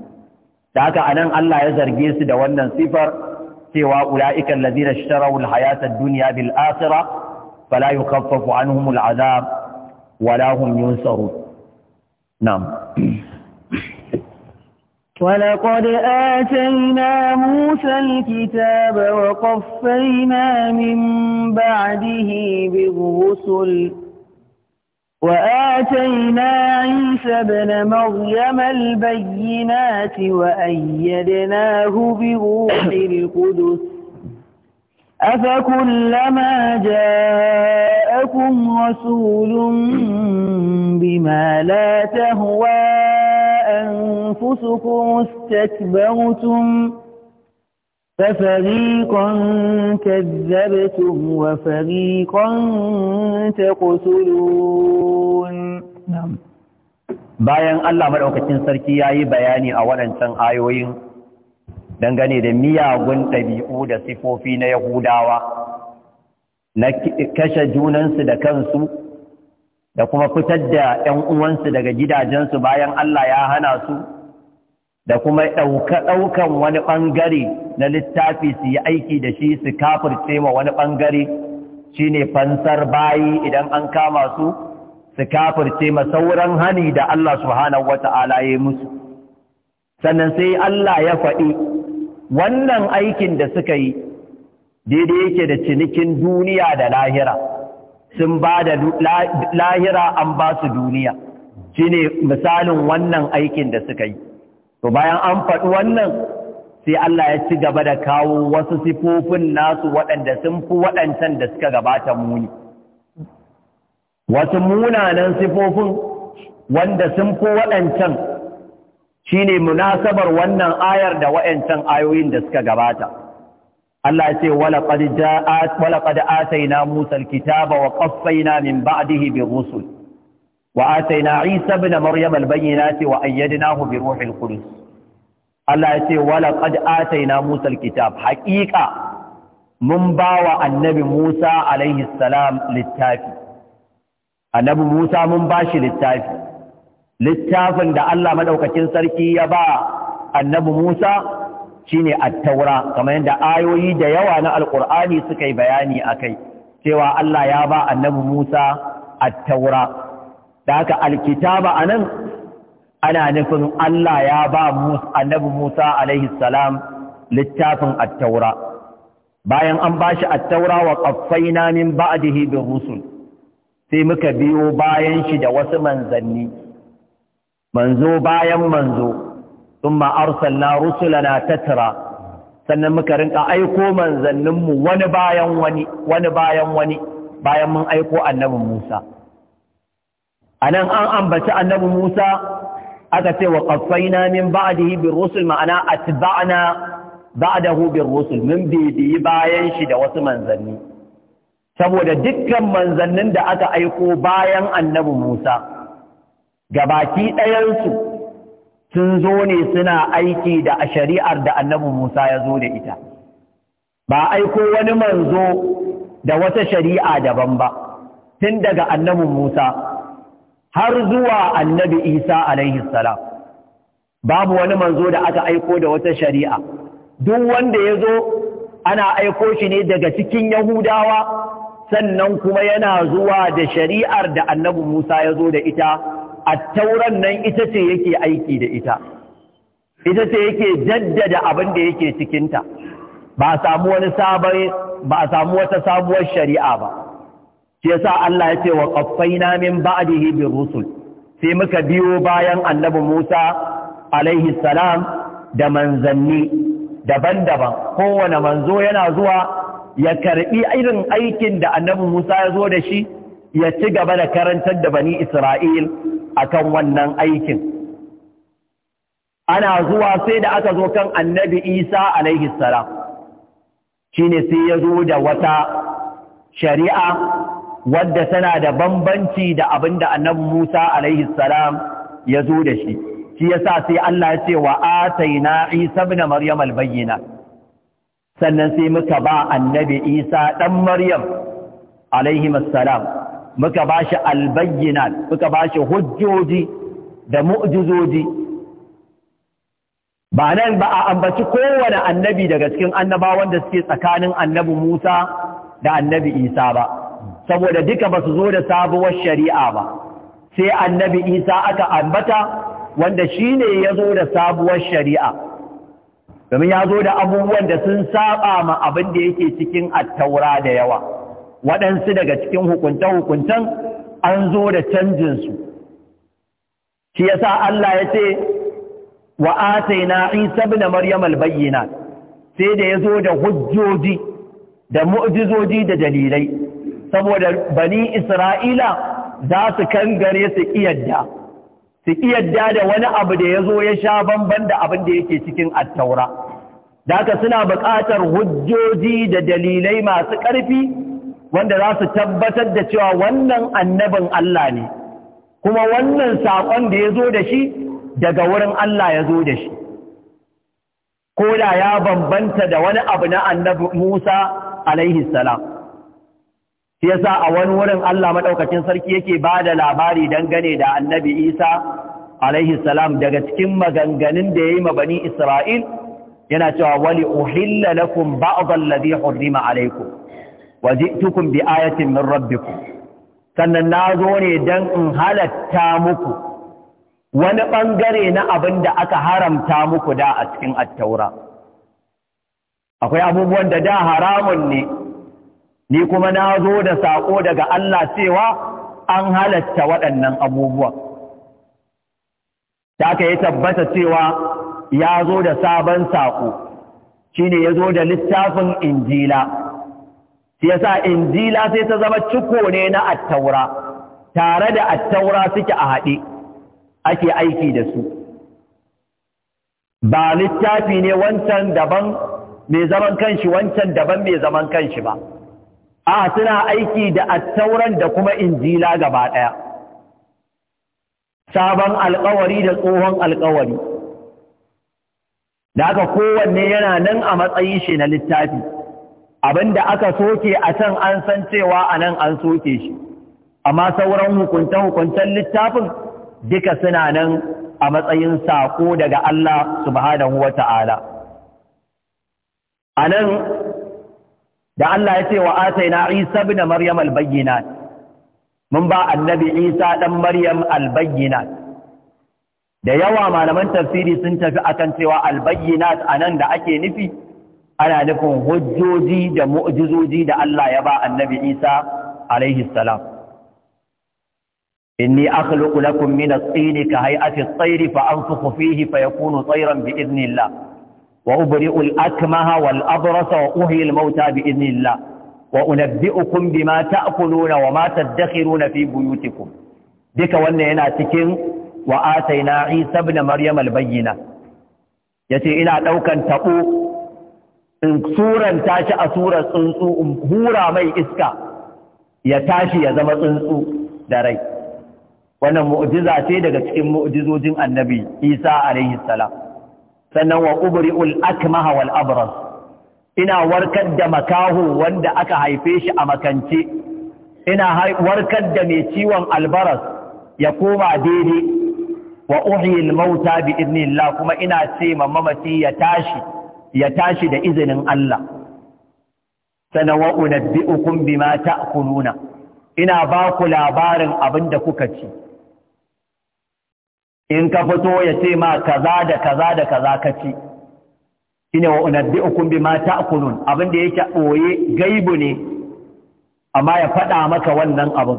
da haka anan Allah ya zarge su da wannan sifar cewa ula'ikan lazina shtarau hayatar duniya bil akhirah fala an anhum al'adab wala hum yunsarun na'am ولقد آتينا موسى الكتاب وقفينا من بعده بالرسل وآتينا عيسى بن مريم البينات وأيدناه بروح القدس أفكلما جاءكم رسول بما لا تهوى أنفسكم استكبرتم ففريقا كذبتم وفريقا تقتلون نعم bayan Allah madaukakin sarki yayi bayani a waɗancan ayoyin dangane da miyagun ɗabi'u da sifofi na Yahudawa na kashe junansu da kansu da kuma fitar da ‘yan uwansu daga gidajensu bayan Allah ya hana su, da kuma ɗaukan wani ɓangare na littafi su yi aiki da shi su kafirce ma wani ɓangare shi ne fansar bayi idan an kama su, su kafirce ma sauran hani da Allah subhanahu wata'ala ya musu. Sannan sai Allah ya faɗi wannan aikin da suka yi daidai yake da cinikin duniya da lahira. sun ba da lahira an ba su duniya shi ne misalin wannan aikin da suka yi to bayan an faɗi wannan sai Allah ya ci gaba da kawo wasu sifofin nasu waɗanda sun fi waɗancan da suka gabata muni wasu munanan sifofin wanda sun fi waɗancan shi ne munasabar wannan ayar da waɗancan ayoyin da suka gabata Allah ce walaƙad ataina Musa alkitaba wa qaffaina min ba'dihi bi rusul wa asai ataina Isa ibn Maryam ce wa hu bi ruhin qudus Allah ce walaƙad ataina Musa alkitab haƙiƙa mun bawa annabi Musa alaihi salam littafi annabi Musa mun bashi littafi littafin da Allah madaukakin sarki ya ba annabi Musa shine at-taura kamar yadda ayoyi da yawa na alqur'ani suka yi bayani akai cewa Allah ya ba annabi Musa at-taura da haka alkitaba anan ana nufin Allah ya ba annabi Musa alaihi salam littafin at-taura bayan an bashi at-taura wa qaffaina min ba'dihi bir rusul sai muka biyo bayan shi da wasu manzanni manzo bayan manzo thumma arsalna rusulana tatra sannan muka rinka aiko manzanninmu wani bayan wani wani bayan wani bayan mun aiko annabi Musa anan an ambaci annabi Musa aka ce wa qaffayna min ba'dihi bir rusul ma'ana atba'na ba'dahu bir rusul min bibi bayan shi da wasu manzanni saboda dukkan manzannin da aka aiko bayan annabi Musa gabaki ɗayansu sun zo ne suna aiki da a shari'ar da annabi Musa ya zo da ita ba aiko wani manzo da wata shari'a daban ba tun daga annabi Musa har zuwa annabi Isa alaihi salam babu wani manzo da aka aiko da wata shari'a duk wanda ya zo ana aiko shi ne daga cikin Yahudawa sannan kuma yana zuwa da shari'ar da annabi Musa ya zo da ita A attauran nan ita ce yake aiki da ita ita ce yake jaddada abin da yake cikinta ba a samu wani sabon ba a samu wata sabuwar shari'a ba Ke sa Allah ya ce wa ƙaffai na min da bir rusul sai muka biyo bayan annabi Musa alaihi salam da manzanni daban-daban kowane manzo yana zuwa ya karɓi irin aikin da annabi Musa ya zo da shi ya ci gaba da karantar da bani Isra'il akan wannan aikin. Ana zuwa sai da aka zo kan annabi Isa alaihi salam, shi ne sai ya zo da wata shari'a wadda tana da bambanci da abin da annabi Musa alaihi ya zo da shi. Shi ya sa sai Allah ya ce wa ataina Isa bin Maryam albayyina. Sannan sai muka ba annabi Isa ɗan Maryam alaihi muka ba shi albayyinat muka ba shi hujjoji da mu'jizoji ba nan ba a ambaci kowane annabi daga cikin annabawan da suke tsakanin annabi Musa da annabi Isa ba saboda duka ba su zo da sabuwar shari'a ba sai annabi Isa aka ambata wanda shi ne ya zo da sabuwar shari'a domin ya zo da abubuwan da sun saba ma abin da yake cikin attaura da yawa waɗansu daga cikin hukunta-hukuntan an zo da canjinsu shi yasa Allah ya ce wa ataina Isa ibn Maryam al-bayyinat sai da yazo da hujjoji da mu'jizoji da dalilai saboda bani Isra'ila za su kangare su iyadda su iyadda da wani abu da yazo ya sha bamban da abin da yake cikin attaura. da suna buƙatar hujjoji da dalilai masu ƙarfi wanda za su tabbatar da cewa wannan annabin Allah ne kuma wannan saƙon da ya zo da shi daga wurin Allah ya zo da shi ko da ya bambanta da wani abu na annabi Musa alaihi salam shi yasa a wani wurin Allah maɗaukacin sarki yake ba da labari dangane da annabi Isa alaihi salam daga cikin maganganun da yayi bani Isra'il yana cewa wali uhilla lakum ba'd alladhi hurrima alaikum wa ji'tukum bi ayatin min rabbikum sannan na zo ne dan in halatta muku wani ɓangare na abin da aka haramta muku da a cikin attaura akwai abubuwan da da haramun ne ni kuma na zo da sako daga Allah cewa an halatta waɗannan abubuwa ta aka yi tabbata cewa ya zo da sabon sako shine ya zo da littafin injila yasa injila sai ta zama ciko ne na attaura tare da attaura suke a haɗe ake aiki da su ba littafi ne wancan daban mai zaman kanshi wancan daban mai zaman kanshi ba a suna aiki da attauran da kuma injila gaba ɗaya sabon alkawari da tsohon alkawari da aka kowanne yana nan a matsayin shi na littafi Abin da aka soke a can an san cewa a nan an soke shi amma sauran hukunce-hukuncen littafin duka suna nan a matsayin sako daga Allah subhanahu wa ta'ala a nan da Allah ya ce wa atai na isa da maryam albayyana mun ba annabi isa ɗan maryam albayyana da yawa malaman tafsiri sun tafi akan cewa albayyinat nan da ake nufi ana nufin hujjoji da mu'jizoji da Allah ya ba annabi Isa alaihi salam inni akhluqu lakum min at-tini ka hay'ati at-tayr fa anfukhu fihi fayakunu tayran bi idnillah wa ubri'u al-akmaha wal abrasa wa uhyi al-mauta bi idnillah wa unabbi'ukum bima ta'kuluna wa ma tadakhiruna fi buyutikum duka wannan yana cikin wa ataina Isa ibn Maryam al-bayyina yace ina daukan tabo in suran shi a surar tsuntsu in hura mai iska ya tashi ya zama tsuntsu da rai wannan mu'jiza ce daga cikin mu'jizojin annabi isa alaihi salam sannan wa ubri'ul akmaha wal abras ina warkar da makaho wanda aka haife shi a makance ina warkar da mai ciwon albaras ya koma daidai wa uhyi al mauta bi idnillah kuma ina ce mamamaci ya tashi ya tashi da izinin Allah sana wa unabbi'ukum bima ta'kuluna ina ba ku labarin abin da kuka ci in ka fito ya ce ma kaza da kaza da kaza ka ci ina wa unabbi'ukum bima ta'kulun abin da yake boye gaibu ne amma ya faɗa maka wannan abin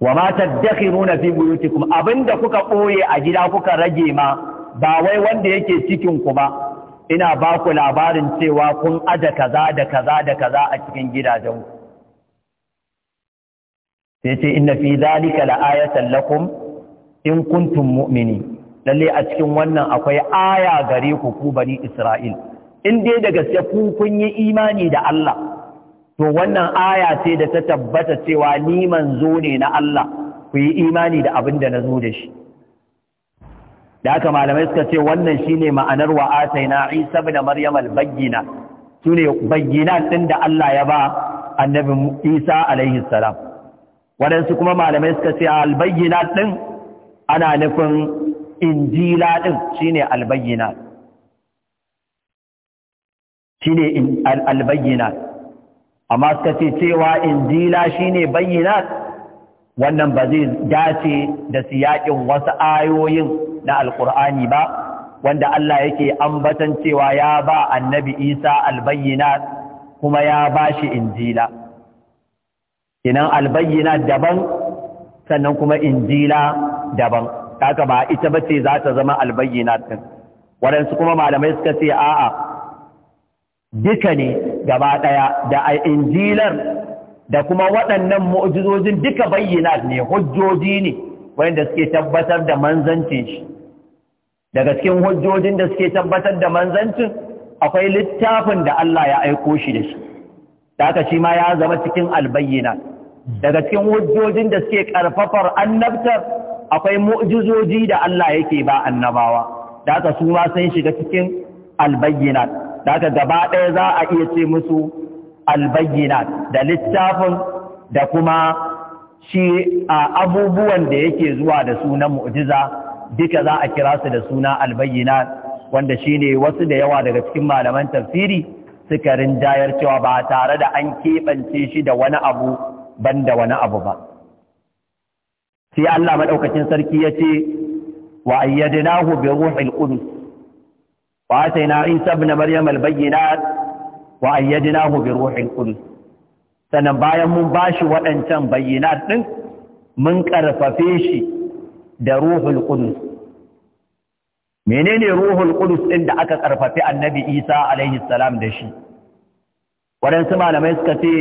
wa ma tadakhiruna fi buyutikum abinda kuka boye a gida kuka rage ma ba wai wanda yake cikin ku ba ina ba ku labarin cewa kun aje kaza da kaza da kaza a cikin gidajen sai ce inna fi zalika la'ayatan lakum in kuntum mu'mini lalle a cikin wannan akwai aya gare ku ku bani Isra'il in dai da gaske ku kun yi imani da Allah to wannan aya ce da ta tabbata cewa ni manzo ne na Allah ku yi imani da abin da zo da shi da haka malamai suka ce wannan shine ma'anar wa ataina Isa ibn Maryam al-bayyina sune bayyina din da Allah ya ba annabi Isa alaihi salam wadansu kuma malamai suka ce al-bayyina din ana nufin injila din shine al-bayyina shine al-bayyina amma suka ce cewa injila shine bayyina wannan ba zai dace da siyakin wasu ayoyin na alkur'ani ba wanda Allah yake ambatan cewa ya ba annabi isa albayyinat kuma ya ba shi injila kinan albayyinat daban sannan kuma injila daban kaka ba ita ce za ta zama albayyina ɗin waɗansu kuma malamai suka ce a'a duka ne gaba ɗaya da injilar da kuma waɗannan mu'jizojin duka bayyana ne hujjoji ne wanda suke tabbatar da manzancin shi daga cikin hujjojin da suke tabbatar da manzancin akwai littafin da Allah ya aiko shi da shi da shi ma ya zama cikin albayyana daga cikin hujjojin da suke karfafar annabtar akwai mu'jizoji da Allah yake ba annabawa da su ma sun shiga cikin albayyana da gaba ɗaya za a iya ce musu albayyana da littafin da kuma shi a abubuwan da yake zuwa da su na mu'jiza duka za a kira su da suna albayyina wanda shine wasu da yawa daga cikin malaman tafsiri suka rinjayar cewa ba tare da an kebance shi da wani abu ban wani abu ba sai Allah madaukakin sarki yace ce wa ayyadnahu bi ruhil qudus wa atayna isa ibn maryam albayyinat wa ayyadnahu bi ruhil qudus sannan bayan mun bashi waɗancan bayyinat din mun karfafe shi da ruhul qudus menene ruhul qudus ɗin da aka karfafi annabi Isa alaihi salam da shi waɗansu malamai suka ce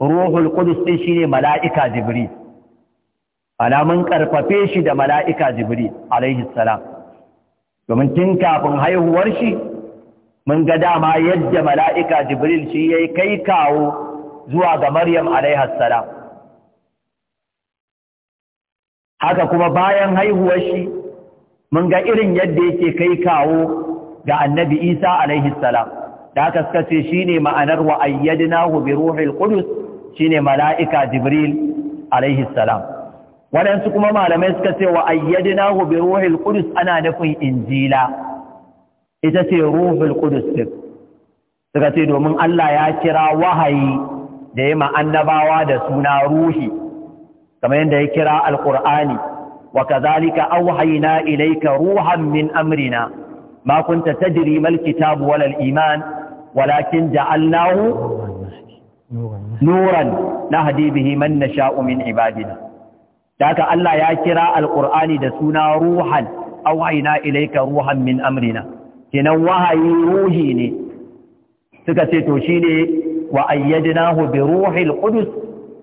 ruhul ɗin din ne mala'ika jibril alamun karfafe shi da mala'ika jibril alaihi salam domin tun kafin haihuwar shi mun ga dama yadda mala'ika jibril shi yayi kai kawo zuwa ga maryam alaihi salam haka kuma bayan haihuwar shi mun ga irin yadda yake kai kawo ga annabi isa alaihi salam da aka suka ce shi ne ma'anar wa hu bi ruhil qudus shi ne mala'ika jibril alaihi salam waɗansu kuma malamai suka ce wa hu bi ruhil qudus ana nufin injila ita ce ruhul qudus din suka ce domin Allah ya kira wahayi da ya annabawa da suna ruhi kamar yadda ya kira alkur'ani wa kazalika auhayna ilayka ruhan min amrina ma kunta tajri mal kitabu wal iman walakin ja'alnahu nuran nahdi bihi man nasha'u min ibadina daga Allah ya kira alkur'ani da suna ruhan auhayna ilayka ruhan min amrina kenan wahayi ruhi ne suka ce to shine wa ayyadnahu bi ruhil qudus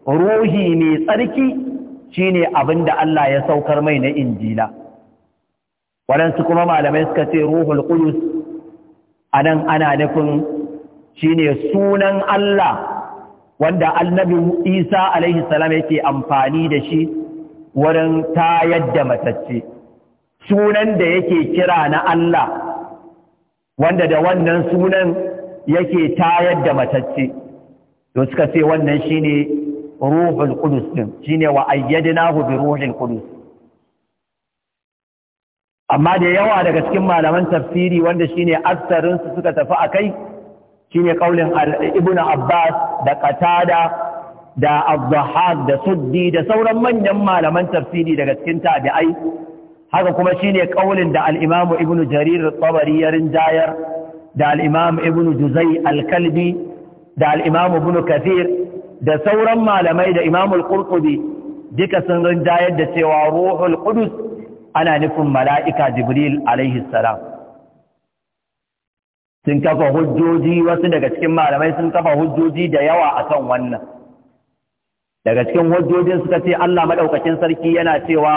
ruhi mai tsarki ne abin da Allah ya saukar mai na injila waɗansu kuma malamai suka ce ruhul a nan ana nufin shi ne sunan Allah wanda annabi Isa alaihi salam yake amfani da shi wurin tayar da matacce sunan da yake kira na Allah wanda da wannan sunan yake tayar da matacce to suka ce wannan shi ne. ruhul Kudus din shine wa ayyadnahu bi ruhil Kudus. amma da yawa daga cikin malaman tafsiri wanda shine aksarin suka tafi a kai, shine ƙaunin ibn abbas da qatada da Abdullahi da suddi da sauran manyan malaman tafsiri daga cikin tabi'ai haka kuma shine ƙaunin da al'imamu ibnu jarir at ya rinjayar da al'imamu ibnu juzai al-kalbi da al'imamu ibnu kathir da sauran malamai da imamul qurtubi duka sun rinjayar da cewa ruhul qudus ana nufin mala'ika jibril alaihi salam sun kafa hujjoji wasu daga cikin malamai sun kafa hujjoji da yawa akan wannan daga cikin hujjojin suka ce Allah maɗaukacin sarki yana cewa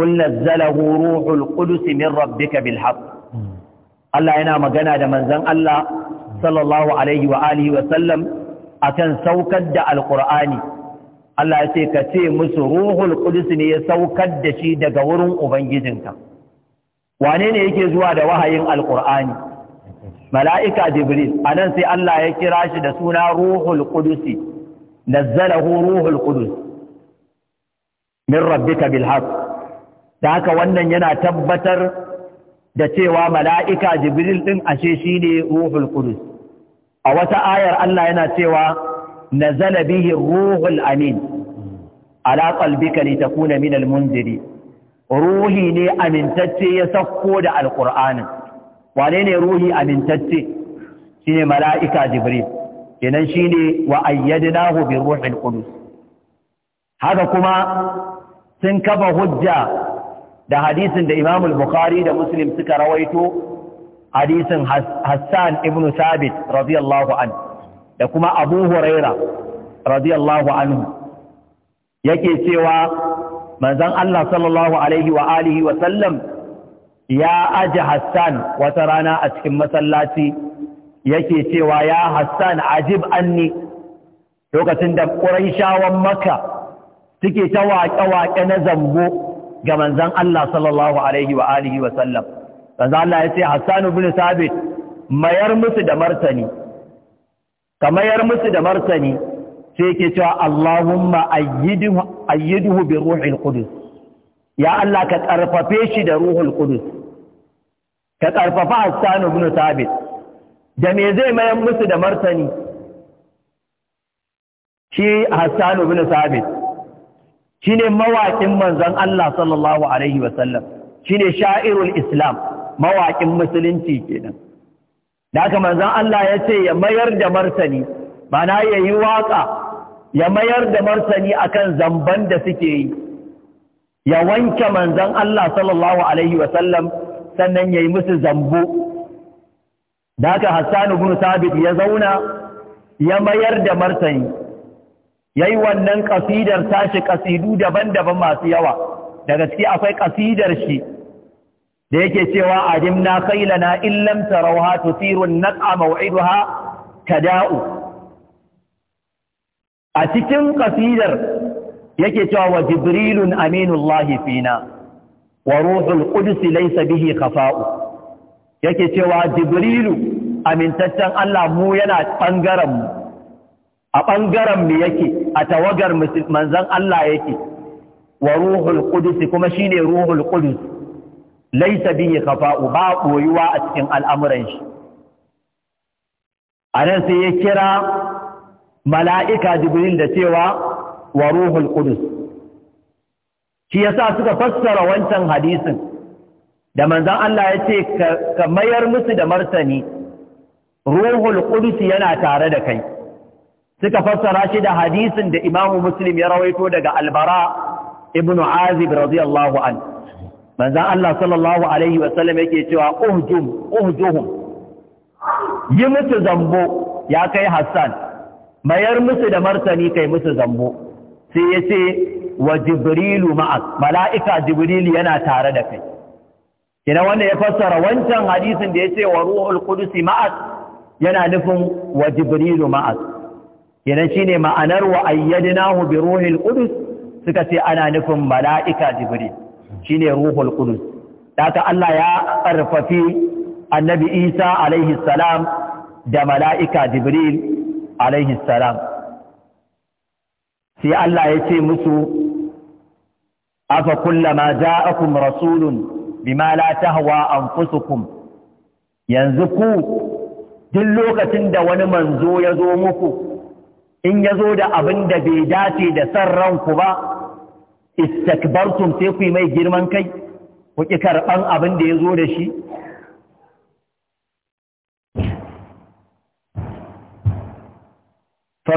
qul nazzalahu ruhul qudus min rabbika bil hmm. Allah yana magana da manzon Allah sallallahu alaihi wa alihi wa sallam akan saukar da alkur'ani Allah ya ce ka ce musu ruhul qudus ne ya saukar da shi daga wurin ubangijinka wane ne yake zuwa da wahayin alkur'ani mala'ika jibril anan sai Allah ya kira shi da suna ruhul qudus nazzalahu ruhul qudus min rabbika bil haqq da haka wannan yana tabbatar da cewa mala'ika jibril ɗin ashe shi ne ruhul ƙudus a wata ayar Allah yana cewa nazala bihi ruhul amin ala qalbika litakuna min munziri ruhi ne amintacce ya sakko da alqur'anin wane ne ruhi amintacce shine mala'ika jibril kenan shine wa nahu bi ruhil qudus haka kuma sun kafa hujja da hadisin da imamul bukari bukhari da Muslim suka rawaito hadisin Hassan ibn Sabit radiyallahu an da kuma Abu Huraira radiyallahu anhu yake cewa manzon Allah sallallahu alaihi wa alihi wa sallam ya aji Hassan wata rana a cikin masallaci yake cewa ya Hassan ajib anni lokacin da Quraishawan Makka suke ta waƙe-waƙe na zambo ga manzon Allah sallallahu alaihi wa alihi wa sallam manzo Allah ya ce Hassan ibn Sabit mayar musu da martani ka mayar musu da martani sai yake cewa Allahumma ayyidhu ayyidhu bi ruhin Kudus. ya Allah ka ƙarfafe shi da ruhin Kudus? ka ƙarfafa Hassan ibn Sabit da me zai mayar musu da martani shi Hassan ibn Sabit ne mawaƙin manzon Allah sallallahu alaihi wasallam shine sha'irul Islam mawaƙin musulunci kenan da haka manzon Allah ya ce ya mayar da martani mana ya yi waƙa ya mayar da martani akan zamban da suke yi ya wanke manzon Allah sallallahu alaihi wasallam sannan ya yi musu zambo da haka Hassan ibn Sabit ya zauna ya mayar da martani yayi wannan ƙasidar tashi ƙasidu daban-daban masu yawa daga ciki akwai ƙasidar shi da yake cewa adimna khailana illam tarawha tusiru an-naqa maw'iduha tada'u a cikin kasidar yake cewa wa jibrilun aminullahi fina wa ruhul qudus laysa bihi khafa'u yake cewa jibrilu amintaccen Allah mu yana bangaren mu a bangaren mu yake a tawagar manzon Allah yake wa ruhul qudus kuma shine ruhul qudus laisa bihi khafa'u ba koyuwa a cikin al'amuran shi anan sai ya kira mala'ika jibril da cewa wa ruhul qudus shi yasa suka fassara wancan hadisin da manzon Allah ya ce ka mayar musu da martani ruhul qudus yana tare da kai suka fassara shi da hadisin da imamu muslim ya rawaito daga albara ibnu azib radiyallahu anhu manzan Allah sallallahu alaihi wasallam yake cewa uhjum yi musu zambo ya kai Hassan mayar musu da martani kai musu zambo sai ya ce wa jibrilu ma'ak mala'ika jibrilu yana tare da kai kina wanda ya fassara wancan hadisin da ya ce wa ruhul qudusi ma'ak yana nufin wa jibrilu ma'ak kina shine ma'anar wa ayyadnahu bi ruhil qudus suka ce ana nufin mala'ika jibrilu shine ruhul kudus daga Allah ya karfafi annabi Isa alaihi salam da mala'ika Jibril alaihi salam sai Allah ya ce musu afa kullama ja'akum rasulun bima la hawa anfusukum yanzu ku duk lokacin da wani manzo ya zo muku in ya zo da abin da bai dace da san ranku ba istakbartum sai ku mai girman kai ku ƙi karɓan abin da ya zo da shi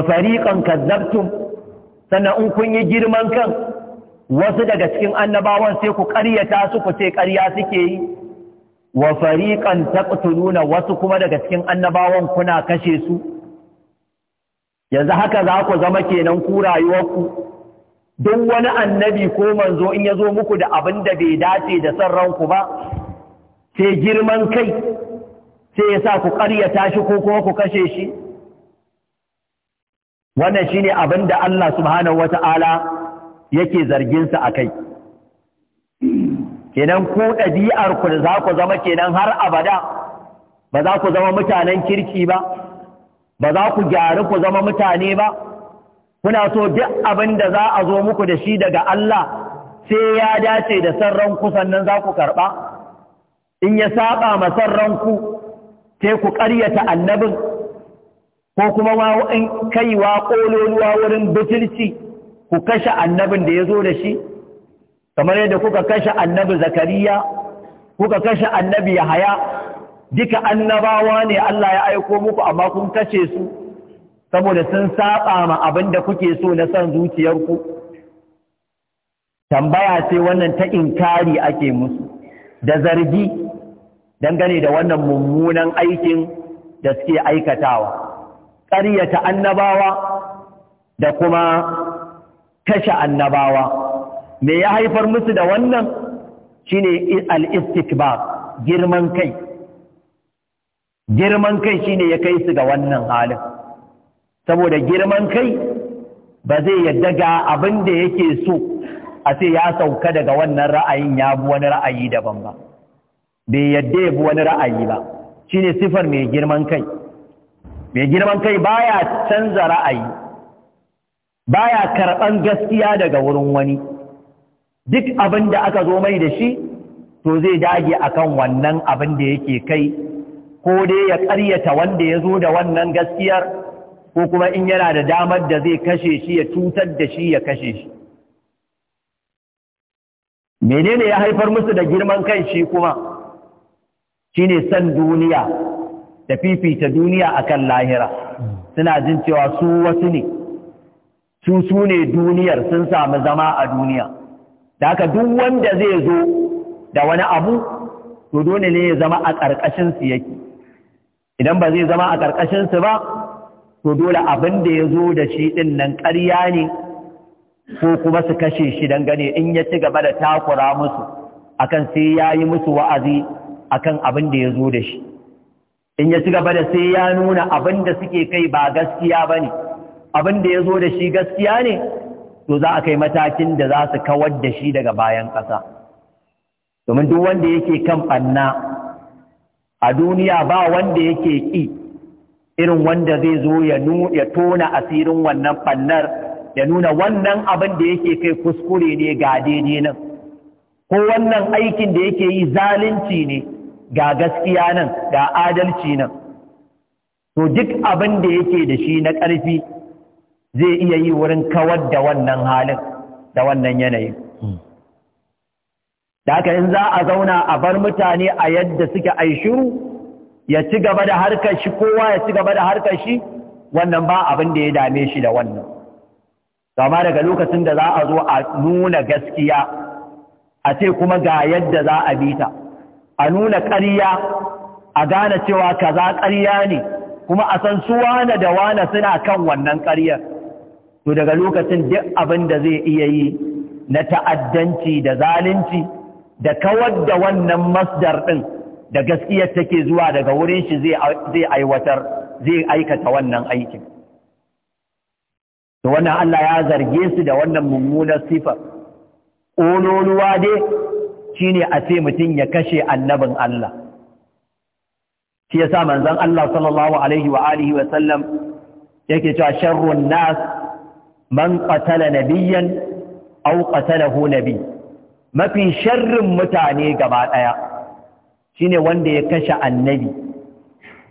fariqan kazzabtum sannan in kun yi girman kan wasu daga cikin annabawan sai ku ƙaryata su ku ce ƙarya suke yi wa fariƙan taqtuluna wasu kuma daga cikin annabawan kuna kashe su yanzu haka za ku zama kenan ku rayuwarku Don wani annabi ko manzo in ya zo muku da abin da bai dace da san ranku ba sai girman kai sai ya sa ku karyata shi ko kuma ku kashe shi wannan shine abin da Allah subhanahu wata'ala yake zarginsa a kai kenan ku ɗabi'arku da za ku zama kenan har abada ba za ku zama mutanen kirki ba ba za ku gyaru ku zama mutane ba kuna so duk abin da za a zo muku da shi daga Allah sai ya dace da sarran ku sannan za ku karɓa in ya saba ma sarran ku sai ku ƙaryata annabin ko kuma ma in kaiwa ƙololuwa wurin butulci ku kashe annabin da ya zo da shi kamar yadda kuka kashe annabi zakariya kuka kashe annabi yahaya duka annabawa ne Allah ya aiko muku amma kun kashe su saboda sun saba ma abin da kuke so na son zuciyarku tambaya ce wannan ta inkari ake musu da zargi dangane da wannan mummunan aikin da suke aikatawa ƙaryata annabawa da kuma kashe annabawa me ya haifar musu da wannan shine al-istikbar girman kai girman kai shine ya kai su ga wannan halin saboda girman kai ba zai yadda ga abin da yake so a ce ya sauka daga wannan ra'ayin ya bi wani ra'ayi daban ba bai yadda ya bi wani ra'ayi ba shine sifar mai girman kai mai girman kai baya canza ra'ayi baya karɓan gaskiya daga wurin wani duk abin da aka zo mai da shi to zai dage a kan wannan abin da yake kai ko dai ya ƙaryata wanda ya zo da wannan gaskiyar ko kuma in yana da damar da zai kashe shi ya cutar da shi ya kashe shi menene ya haifar musu da girman kan shi kuma Shi ne san duniya da fifita duniya akan lahira suna jin cewa su wasu ne su su ne duniyar sun sami zama a duniya da haka duk wanda zai zo da wani abu to dole ne ya zama a ƙarƙashinsu yake idan ba zai zama a ƙarƙashinsu ba to dole abin da ya zo da shi ɗin nan ƙarya ne ko kuma su kashe shi don gane in ya ci gaba da takura musu akan sai ya yi musu wa'azi akan abin da ya zo da shi in ya ci gaba da sai ya nuna abin da suke kai ba gaskiya ba ne abin da ya zo da shi gaskiya ne to za a kai matakin da za su kawar da shi daga bayan ƙasa domin duk wanda yake kan ɓanna a duniya ba wanda yake ƙi irin wanda zai zo ya tona asirin wannan bannar ya nuna wannan abin da yake kai kuskure ne ga daidai nan ko wannan aikin da yake yi zalunci ne ga gaskiya nan ga adalci nan to duk abin da yake da shi na ƙarfi zai iya yi wurin kawar da wannan halin da wannan yanayin hmm. da haka in za a zauna a bar mutane a yadda suke aishuru ya ci gaba da harkar shi kowa ya ci gaba da harkar shi wannan ba abin da ya dame shi da wannan kama daga lokacin da za a zo a nuna gaskiya a ce kuma ga yadda za a bi ta a nuna ƙarya a gane cewa kaza ƙarya ne kuma a san su wane da wane suna kan wannan ƙaryar to daga lokacin duk abin da zai iya yi na ta'addanci da zalunci da kawar da wannan masdar ɗin da gaskiyar take zuwa daga wurin shi zai aiwatar zai aikata wannan aikin to wannan Allah ya zarge su da wannan mummunar sifar ƙololuwa dai shine a ce mutum ya kashe annabin Allah shi yasa manzon Allah sallallahu alaihi wa alihi wa sallam yake cewa sharrun nas man qatala au aw qatalahu nabi mafi sharrin mutane gaba ɗaya. shine wanda ya kashe annabi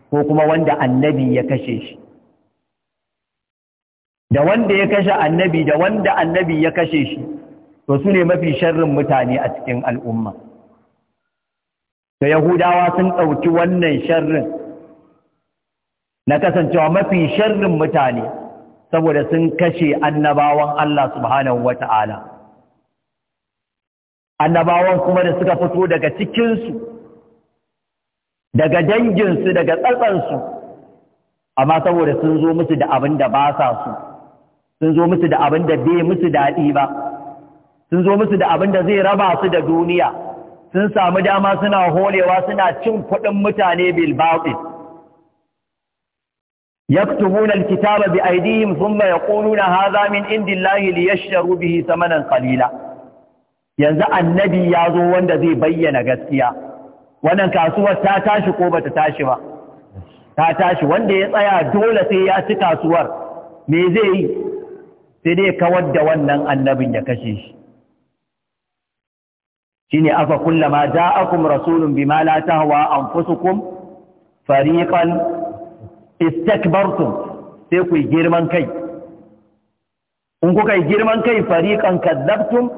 ko kuma wanda annabi ya kashe shi da wanda ya kashe annabi da wanda annabi ya kashe shi to su ne mafi sharrin mutane a cikin al'umma da yahudawa sun ɗauki wannan sharrin na kasancewa mafi sharrin mutane saboda sun kashe annabawan Allah subhanahu wata'ala annabawan kuma da suka fito daga cikinsu daga danginsu daga tsatsansu amma saboda sun zo musu da abin da ba sa su sun zo musu da abin da bai musu daɗi ba sun zo musu da abin da zai raba su da duniya sun samu dama suna holewa suna cin kuɗin mutane bil batil yaktubuna alkitaba bi aydihim thumma yaquluna hadha min indillahi liyashtaru bihi thamanan qalila yanzu annabi ya zo wanda zai bayyana gaskiya wannan kasuwar ta tashi ko bata tashi ba ta tashi wanda ya tsaya dole sai ya ci kasuwar me zai yi sai dai kawar da wannan annabin ya kashe shi shine afa kullama ja'akum rasulun bima la tahwa anfusukum fariqan istakbartum sai ku girman kai in kuka yi girman kai fariqan kadzabtum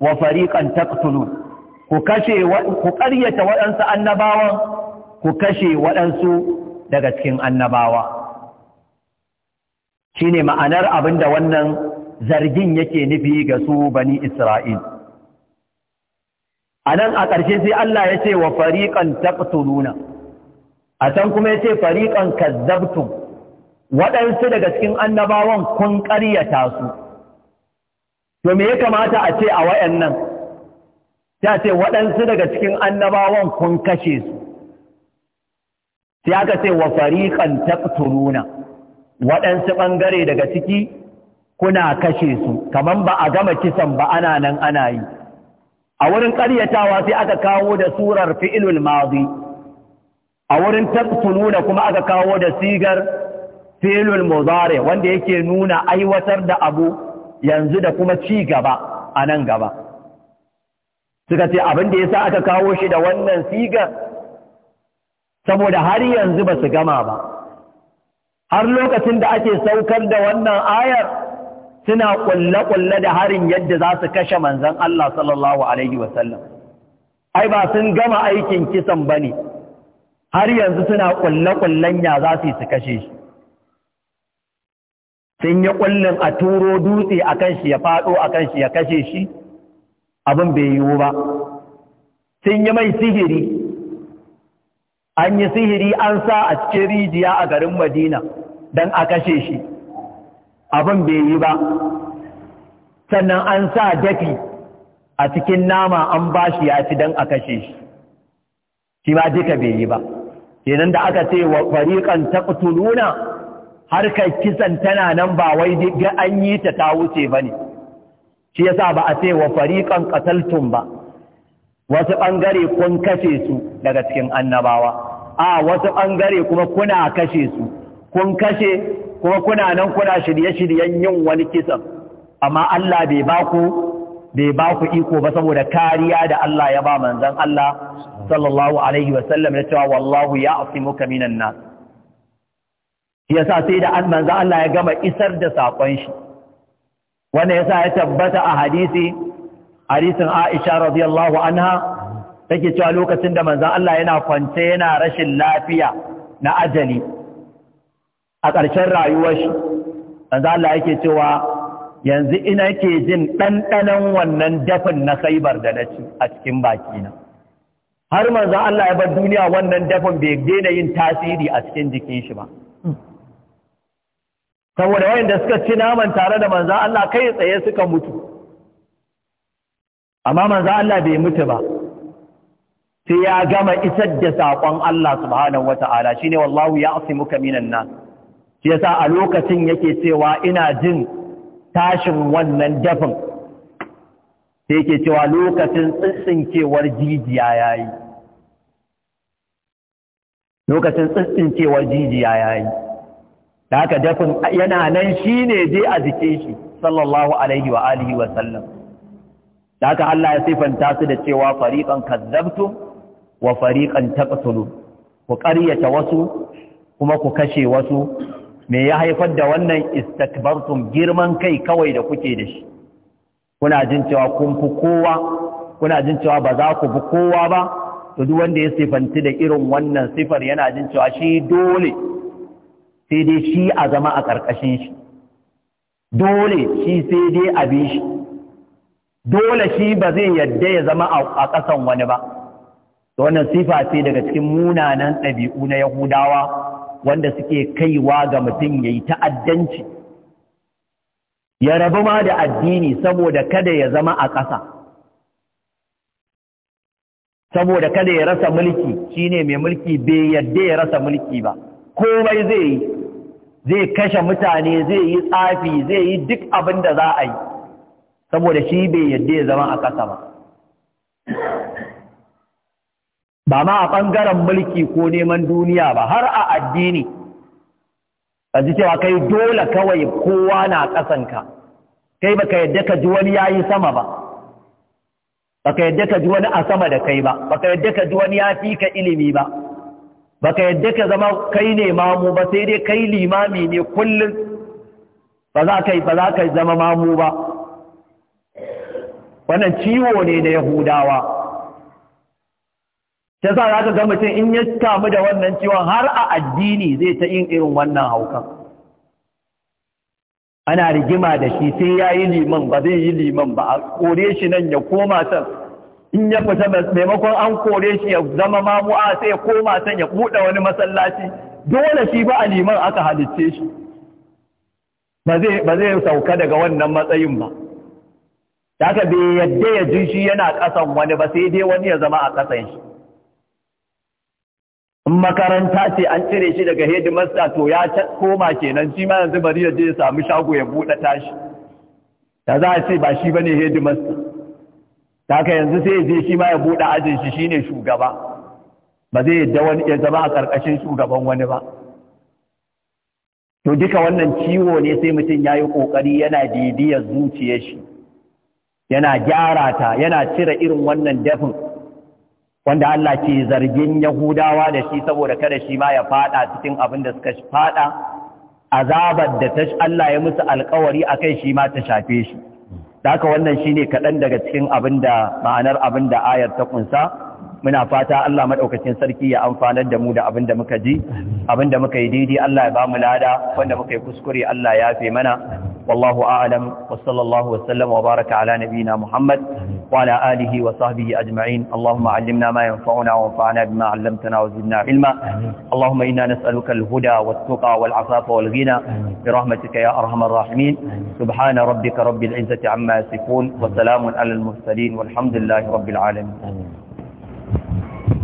wa fariqan taqtulun ku kashe ƙaryata waɗansu annabawan ku kashe waɗansu daga cikin annabawa Shi ne ma'anar abinda wannan zargin yake nufi ga su bani Isra'il a nan a ƙarshe sai Allah ya ce wa fariƙan taqtuluna a can kuma ya ce fariƙan kazzabtum waɗansu daga cikin annabawan kun ƙaryata su to me ya kamata a ce a wayannan ta ce waɗansu daga cikin annabawan kun kashe su sai aka ce wa fariƙan taqtuluna waɗansu ɓangare daga ciki kuna kashe su Kamar ba a gama kisan ba ana nan ana yi a wurin ƙaryatawa sai aka kawo da surar fi'ilul mazi a wurin tafturuna kuma aka kawo da sigar fi'ilul mazare wanda yake nuna aiwatar da abu yanzu da kuma ci gaba a nan gaba suka ce abin da ya sa aka kawo shi da wannan sigar saboda har yanzu ba su gama ba har lokacin da ake saukar da wannan ayar suna ƙulle kulle da harin yadda za su kashe manzan Allah sallallahu Alaihi wasallam ai ba sun gama aikin kisan ba ne har yanzu suna kulle ƙullen ya za su yi su kashe shi sun yi ƙullin a turo dutse a kan shi ya faɗo a kan shi ya kashe shi abin bai yiwu ba sun yi mai sihiri an yi sihiri an sa a cikin rijiya a garin madina don a kashe shi abin bai yi ba sannan an sa dafi a cikin nama an ba shi ya ci don a kashe shi shi ma duka bai yi ba kenan da aka ce wa fariƙan taƙutuluna harkar kisan tana nan ba wai an yi ta ta wuce ba ne shi yasa ba a ce wa fariqan qataltum ba wasu bangare kun kashe su daga cikin annabawa a wasu bangare kuma kuna kashe su kun kashe kuma kuna nan kuna shirye-shiryen yin wani kisan amma Allah bai ba ku bai ba ku iko ba saboda kariya da Allah ya ba manzon Allah sallallahu alaihi wa sallam ya cewa wallahu ya ya'simuka minan nas yasa sai da annabawa Allah ya gama isar da sakon shi wanda yasa ya tabbata a hadisi hadisin Aisha radiyallahu anha take cewa lokacin da manzon Allah yana kwance yana rashin lafiya na ajali a ƙarshen rayuwar shi manzon Allah yake cewa yanzu ina ke jin ɗanɗanon wannan dafin na saibar da na ci a cikin bakina har manzon Allah ya bar duniya wannan dafin bai daina yin tasiri a cikin jikin shi ba saboda wayanda suka ci naman tare da manzan Allah kai tsaye suka mutu amma manzan Allah bai mutu ba sai ya gama isar da saƙon Allah subhanahu wata'ala shine wallahu ya asimuka minan nas shi yasa a lokacin yake cewa ina jin tashin wannan dafin sai yake cewa lokacin tsitsinkewar jijiya yayi lokacin tsitsinkewar jijiya yayi da haka dafin yana nan shi ne dai a zike shi sallallahu alaihi wa alihi wa sallam da haka Allah ya sifanta su da cewa fariqan kazzabtum wa fariqan taqtulun ku ƙaryata wasu kuma ku kashe wasu me ya haifar da wannan istakbartum girman kai kawai da kuke da shi kuna jin cewa kun fi kowa kuna jin cewa ba za ku fi kowa ba to duk wanda ya sifanti da irin wannan sifar yana jin cewa shi dole sai dai shi a zama a ƙarƙashin shi dole shi sai dai a bi shi dole shi ba zai yadda ya zama a ƙasan wani ba da wannan sifa ce daga cikin munanan ɗabi'u na yahudawa wanda suke kaiwa ga mutum ya yi ta'addanci ya rabu ma da addini saboda kada ya zama a ƙasa saboda kada ya rasa mulki shine mai mulki bai yadda ya rasa mulki ba komai zai yi zai kashe mutane zai yi tsafi zai yi duk abin da za a yi saboda shi bai yadda ya zama a ƙasa ba ba ma a ɓangaren mulki ko neman duniya ba har a addini ka ji cewa kai dole kawai kowa na ƙasanka kai baka yadda ka ji wani ya yi sama ba baka yadda ka ji wani a sama da kai ba baka yadda ka ji wani ya fi ka ilimi ba baka yadda ka zama kai ne mamu ba sai dai kai limami ne kullum ba za ka zama mamu ba wannan ciwo ne na yahudawa ta sa za ka ga mutum in ya kamu da wannan ciwon har a addini zai ta yin irin wannan haukan ana rigima da shi sai ya yi liman ba zai yi liman ba a kore shi nan ya koma can in ya fita maimakon an kore shi ya zama mamu'a sai ya koma can ya buɗe wani masallaci dole shi ba a liman aka halicce shi ba zai sauka daga wannan matsayin ba haka bai yadda ya ji shi yana ƙasan wani ba sai dai wani ya zama a ƙasan shi in makaranta ce an cire shi daga hedimasta to ya koma kenan shi ma yanzu bari ya je ya samu shago ya buɗe tashi da za a ce ba shi bane hedimasta ta haka yanzu sai ya je shi ma ya buɗe ajin shi shine shugaba ba zai yadda wani ya zama a ƙarƙashin shugaban wani ba to duka wannan ciwo ne sai mutum ya yi ƙoƙari yana bibiyar zuciyar shi yana gyara ta yana cire irin wannan dafin wanda Allah ke zargin Yahudawa da shi saboda kada shi ma ya fada cikin abin da suka fada azabar da ta Allah ya musu alkawari akai shi ma ta shafe shi da haka wannan shi ne kaɗan daga cikin abin da ma'anar abin da ayar ta ƙunsa muna fata Allah maɗaukacin sarki ya amfanar da mu da abin da muka ji abin da muka yi daidai Allah ya ba mu lada wanda muka yi kuskure Allah ya yafe mana wallahu a'lam wa sallallahu wa sallam wa baraka ala nabiyyina Muhammad wa ala alihi wa sahbihi ajma'in Allahumma 'allimna ma yanfa'una wa anfa'na bima 'allamtana wa zidna ilma Allahumma inna nas'aluka al-huda wat-tuqa wal-'afafa wal-ghina bi rahmatika ya arhamar rahimin subhana rabbika rabbil 'izzati 'amma yasifun wa salamun 'alal mursalin والحمد لله رب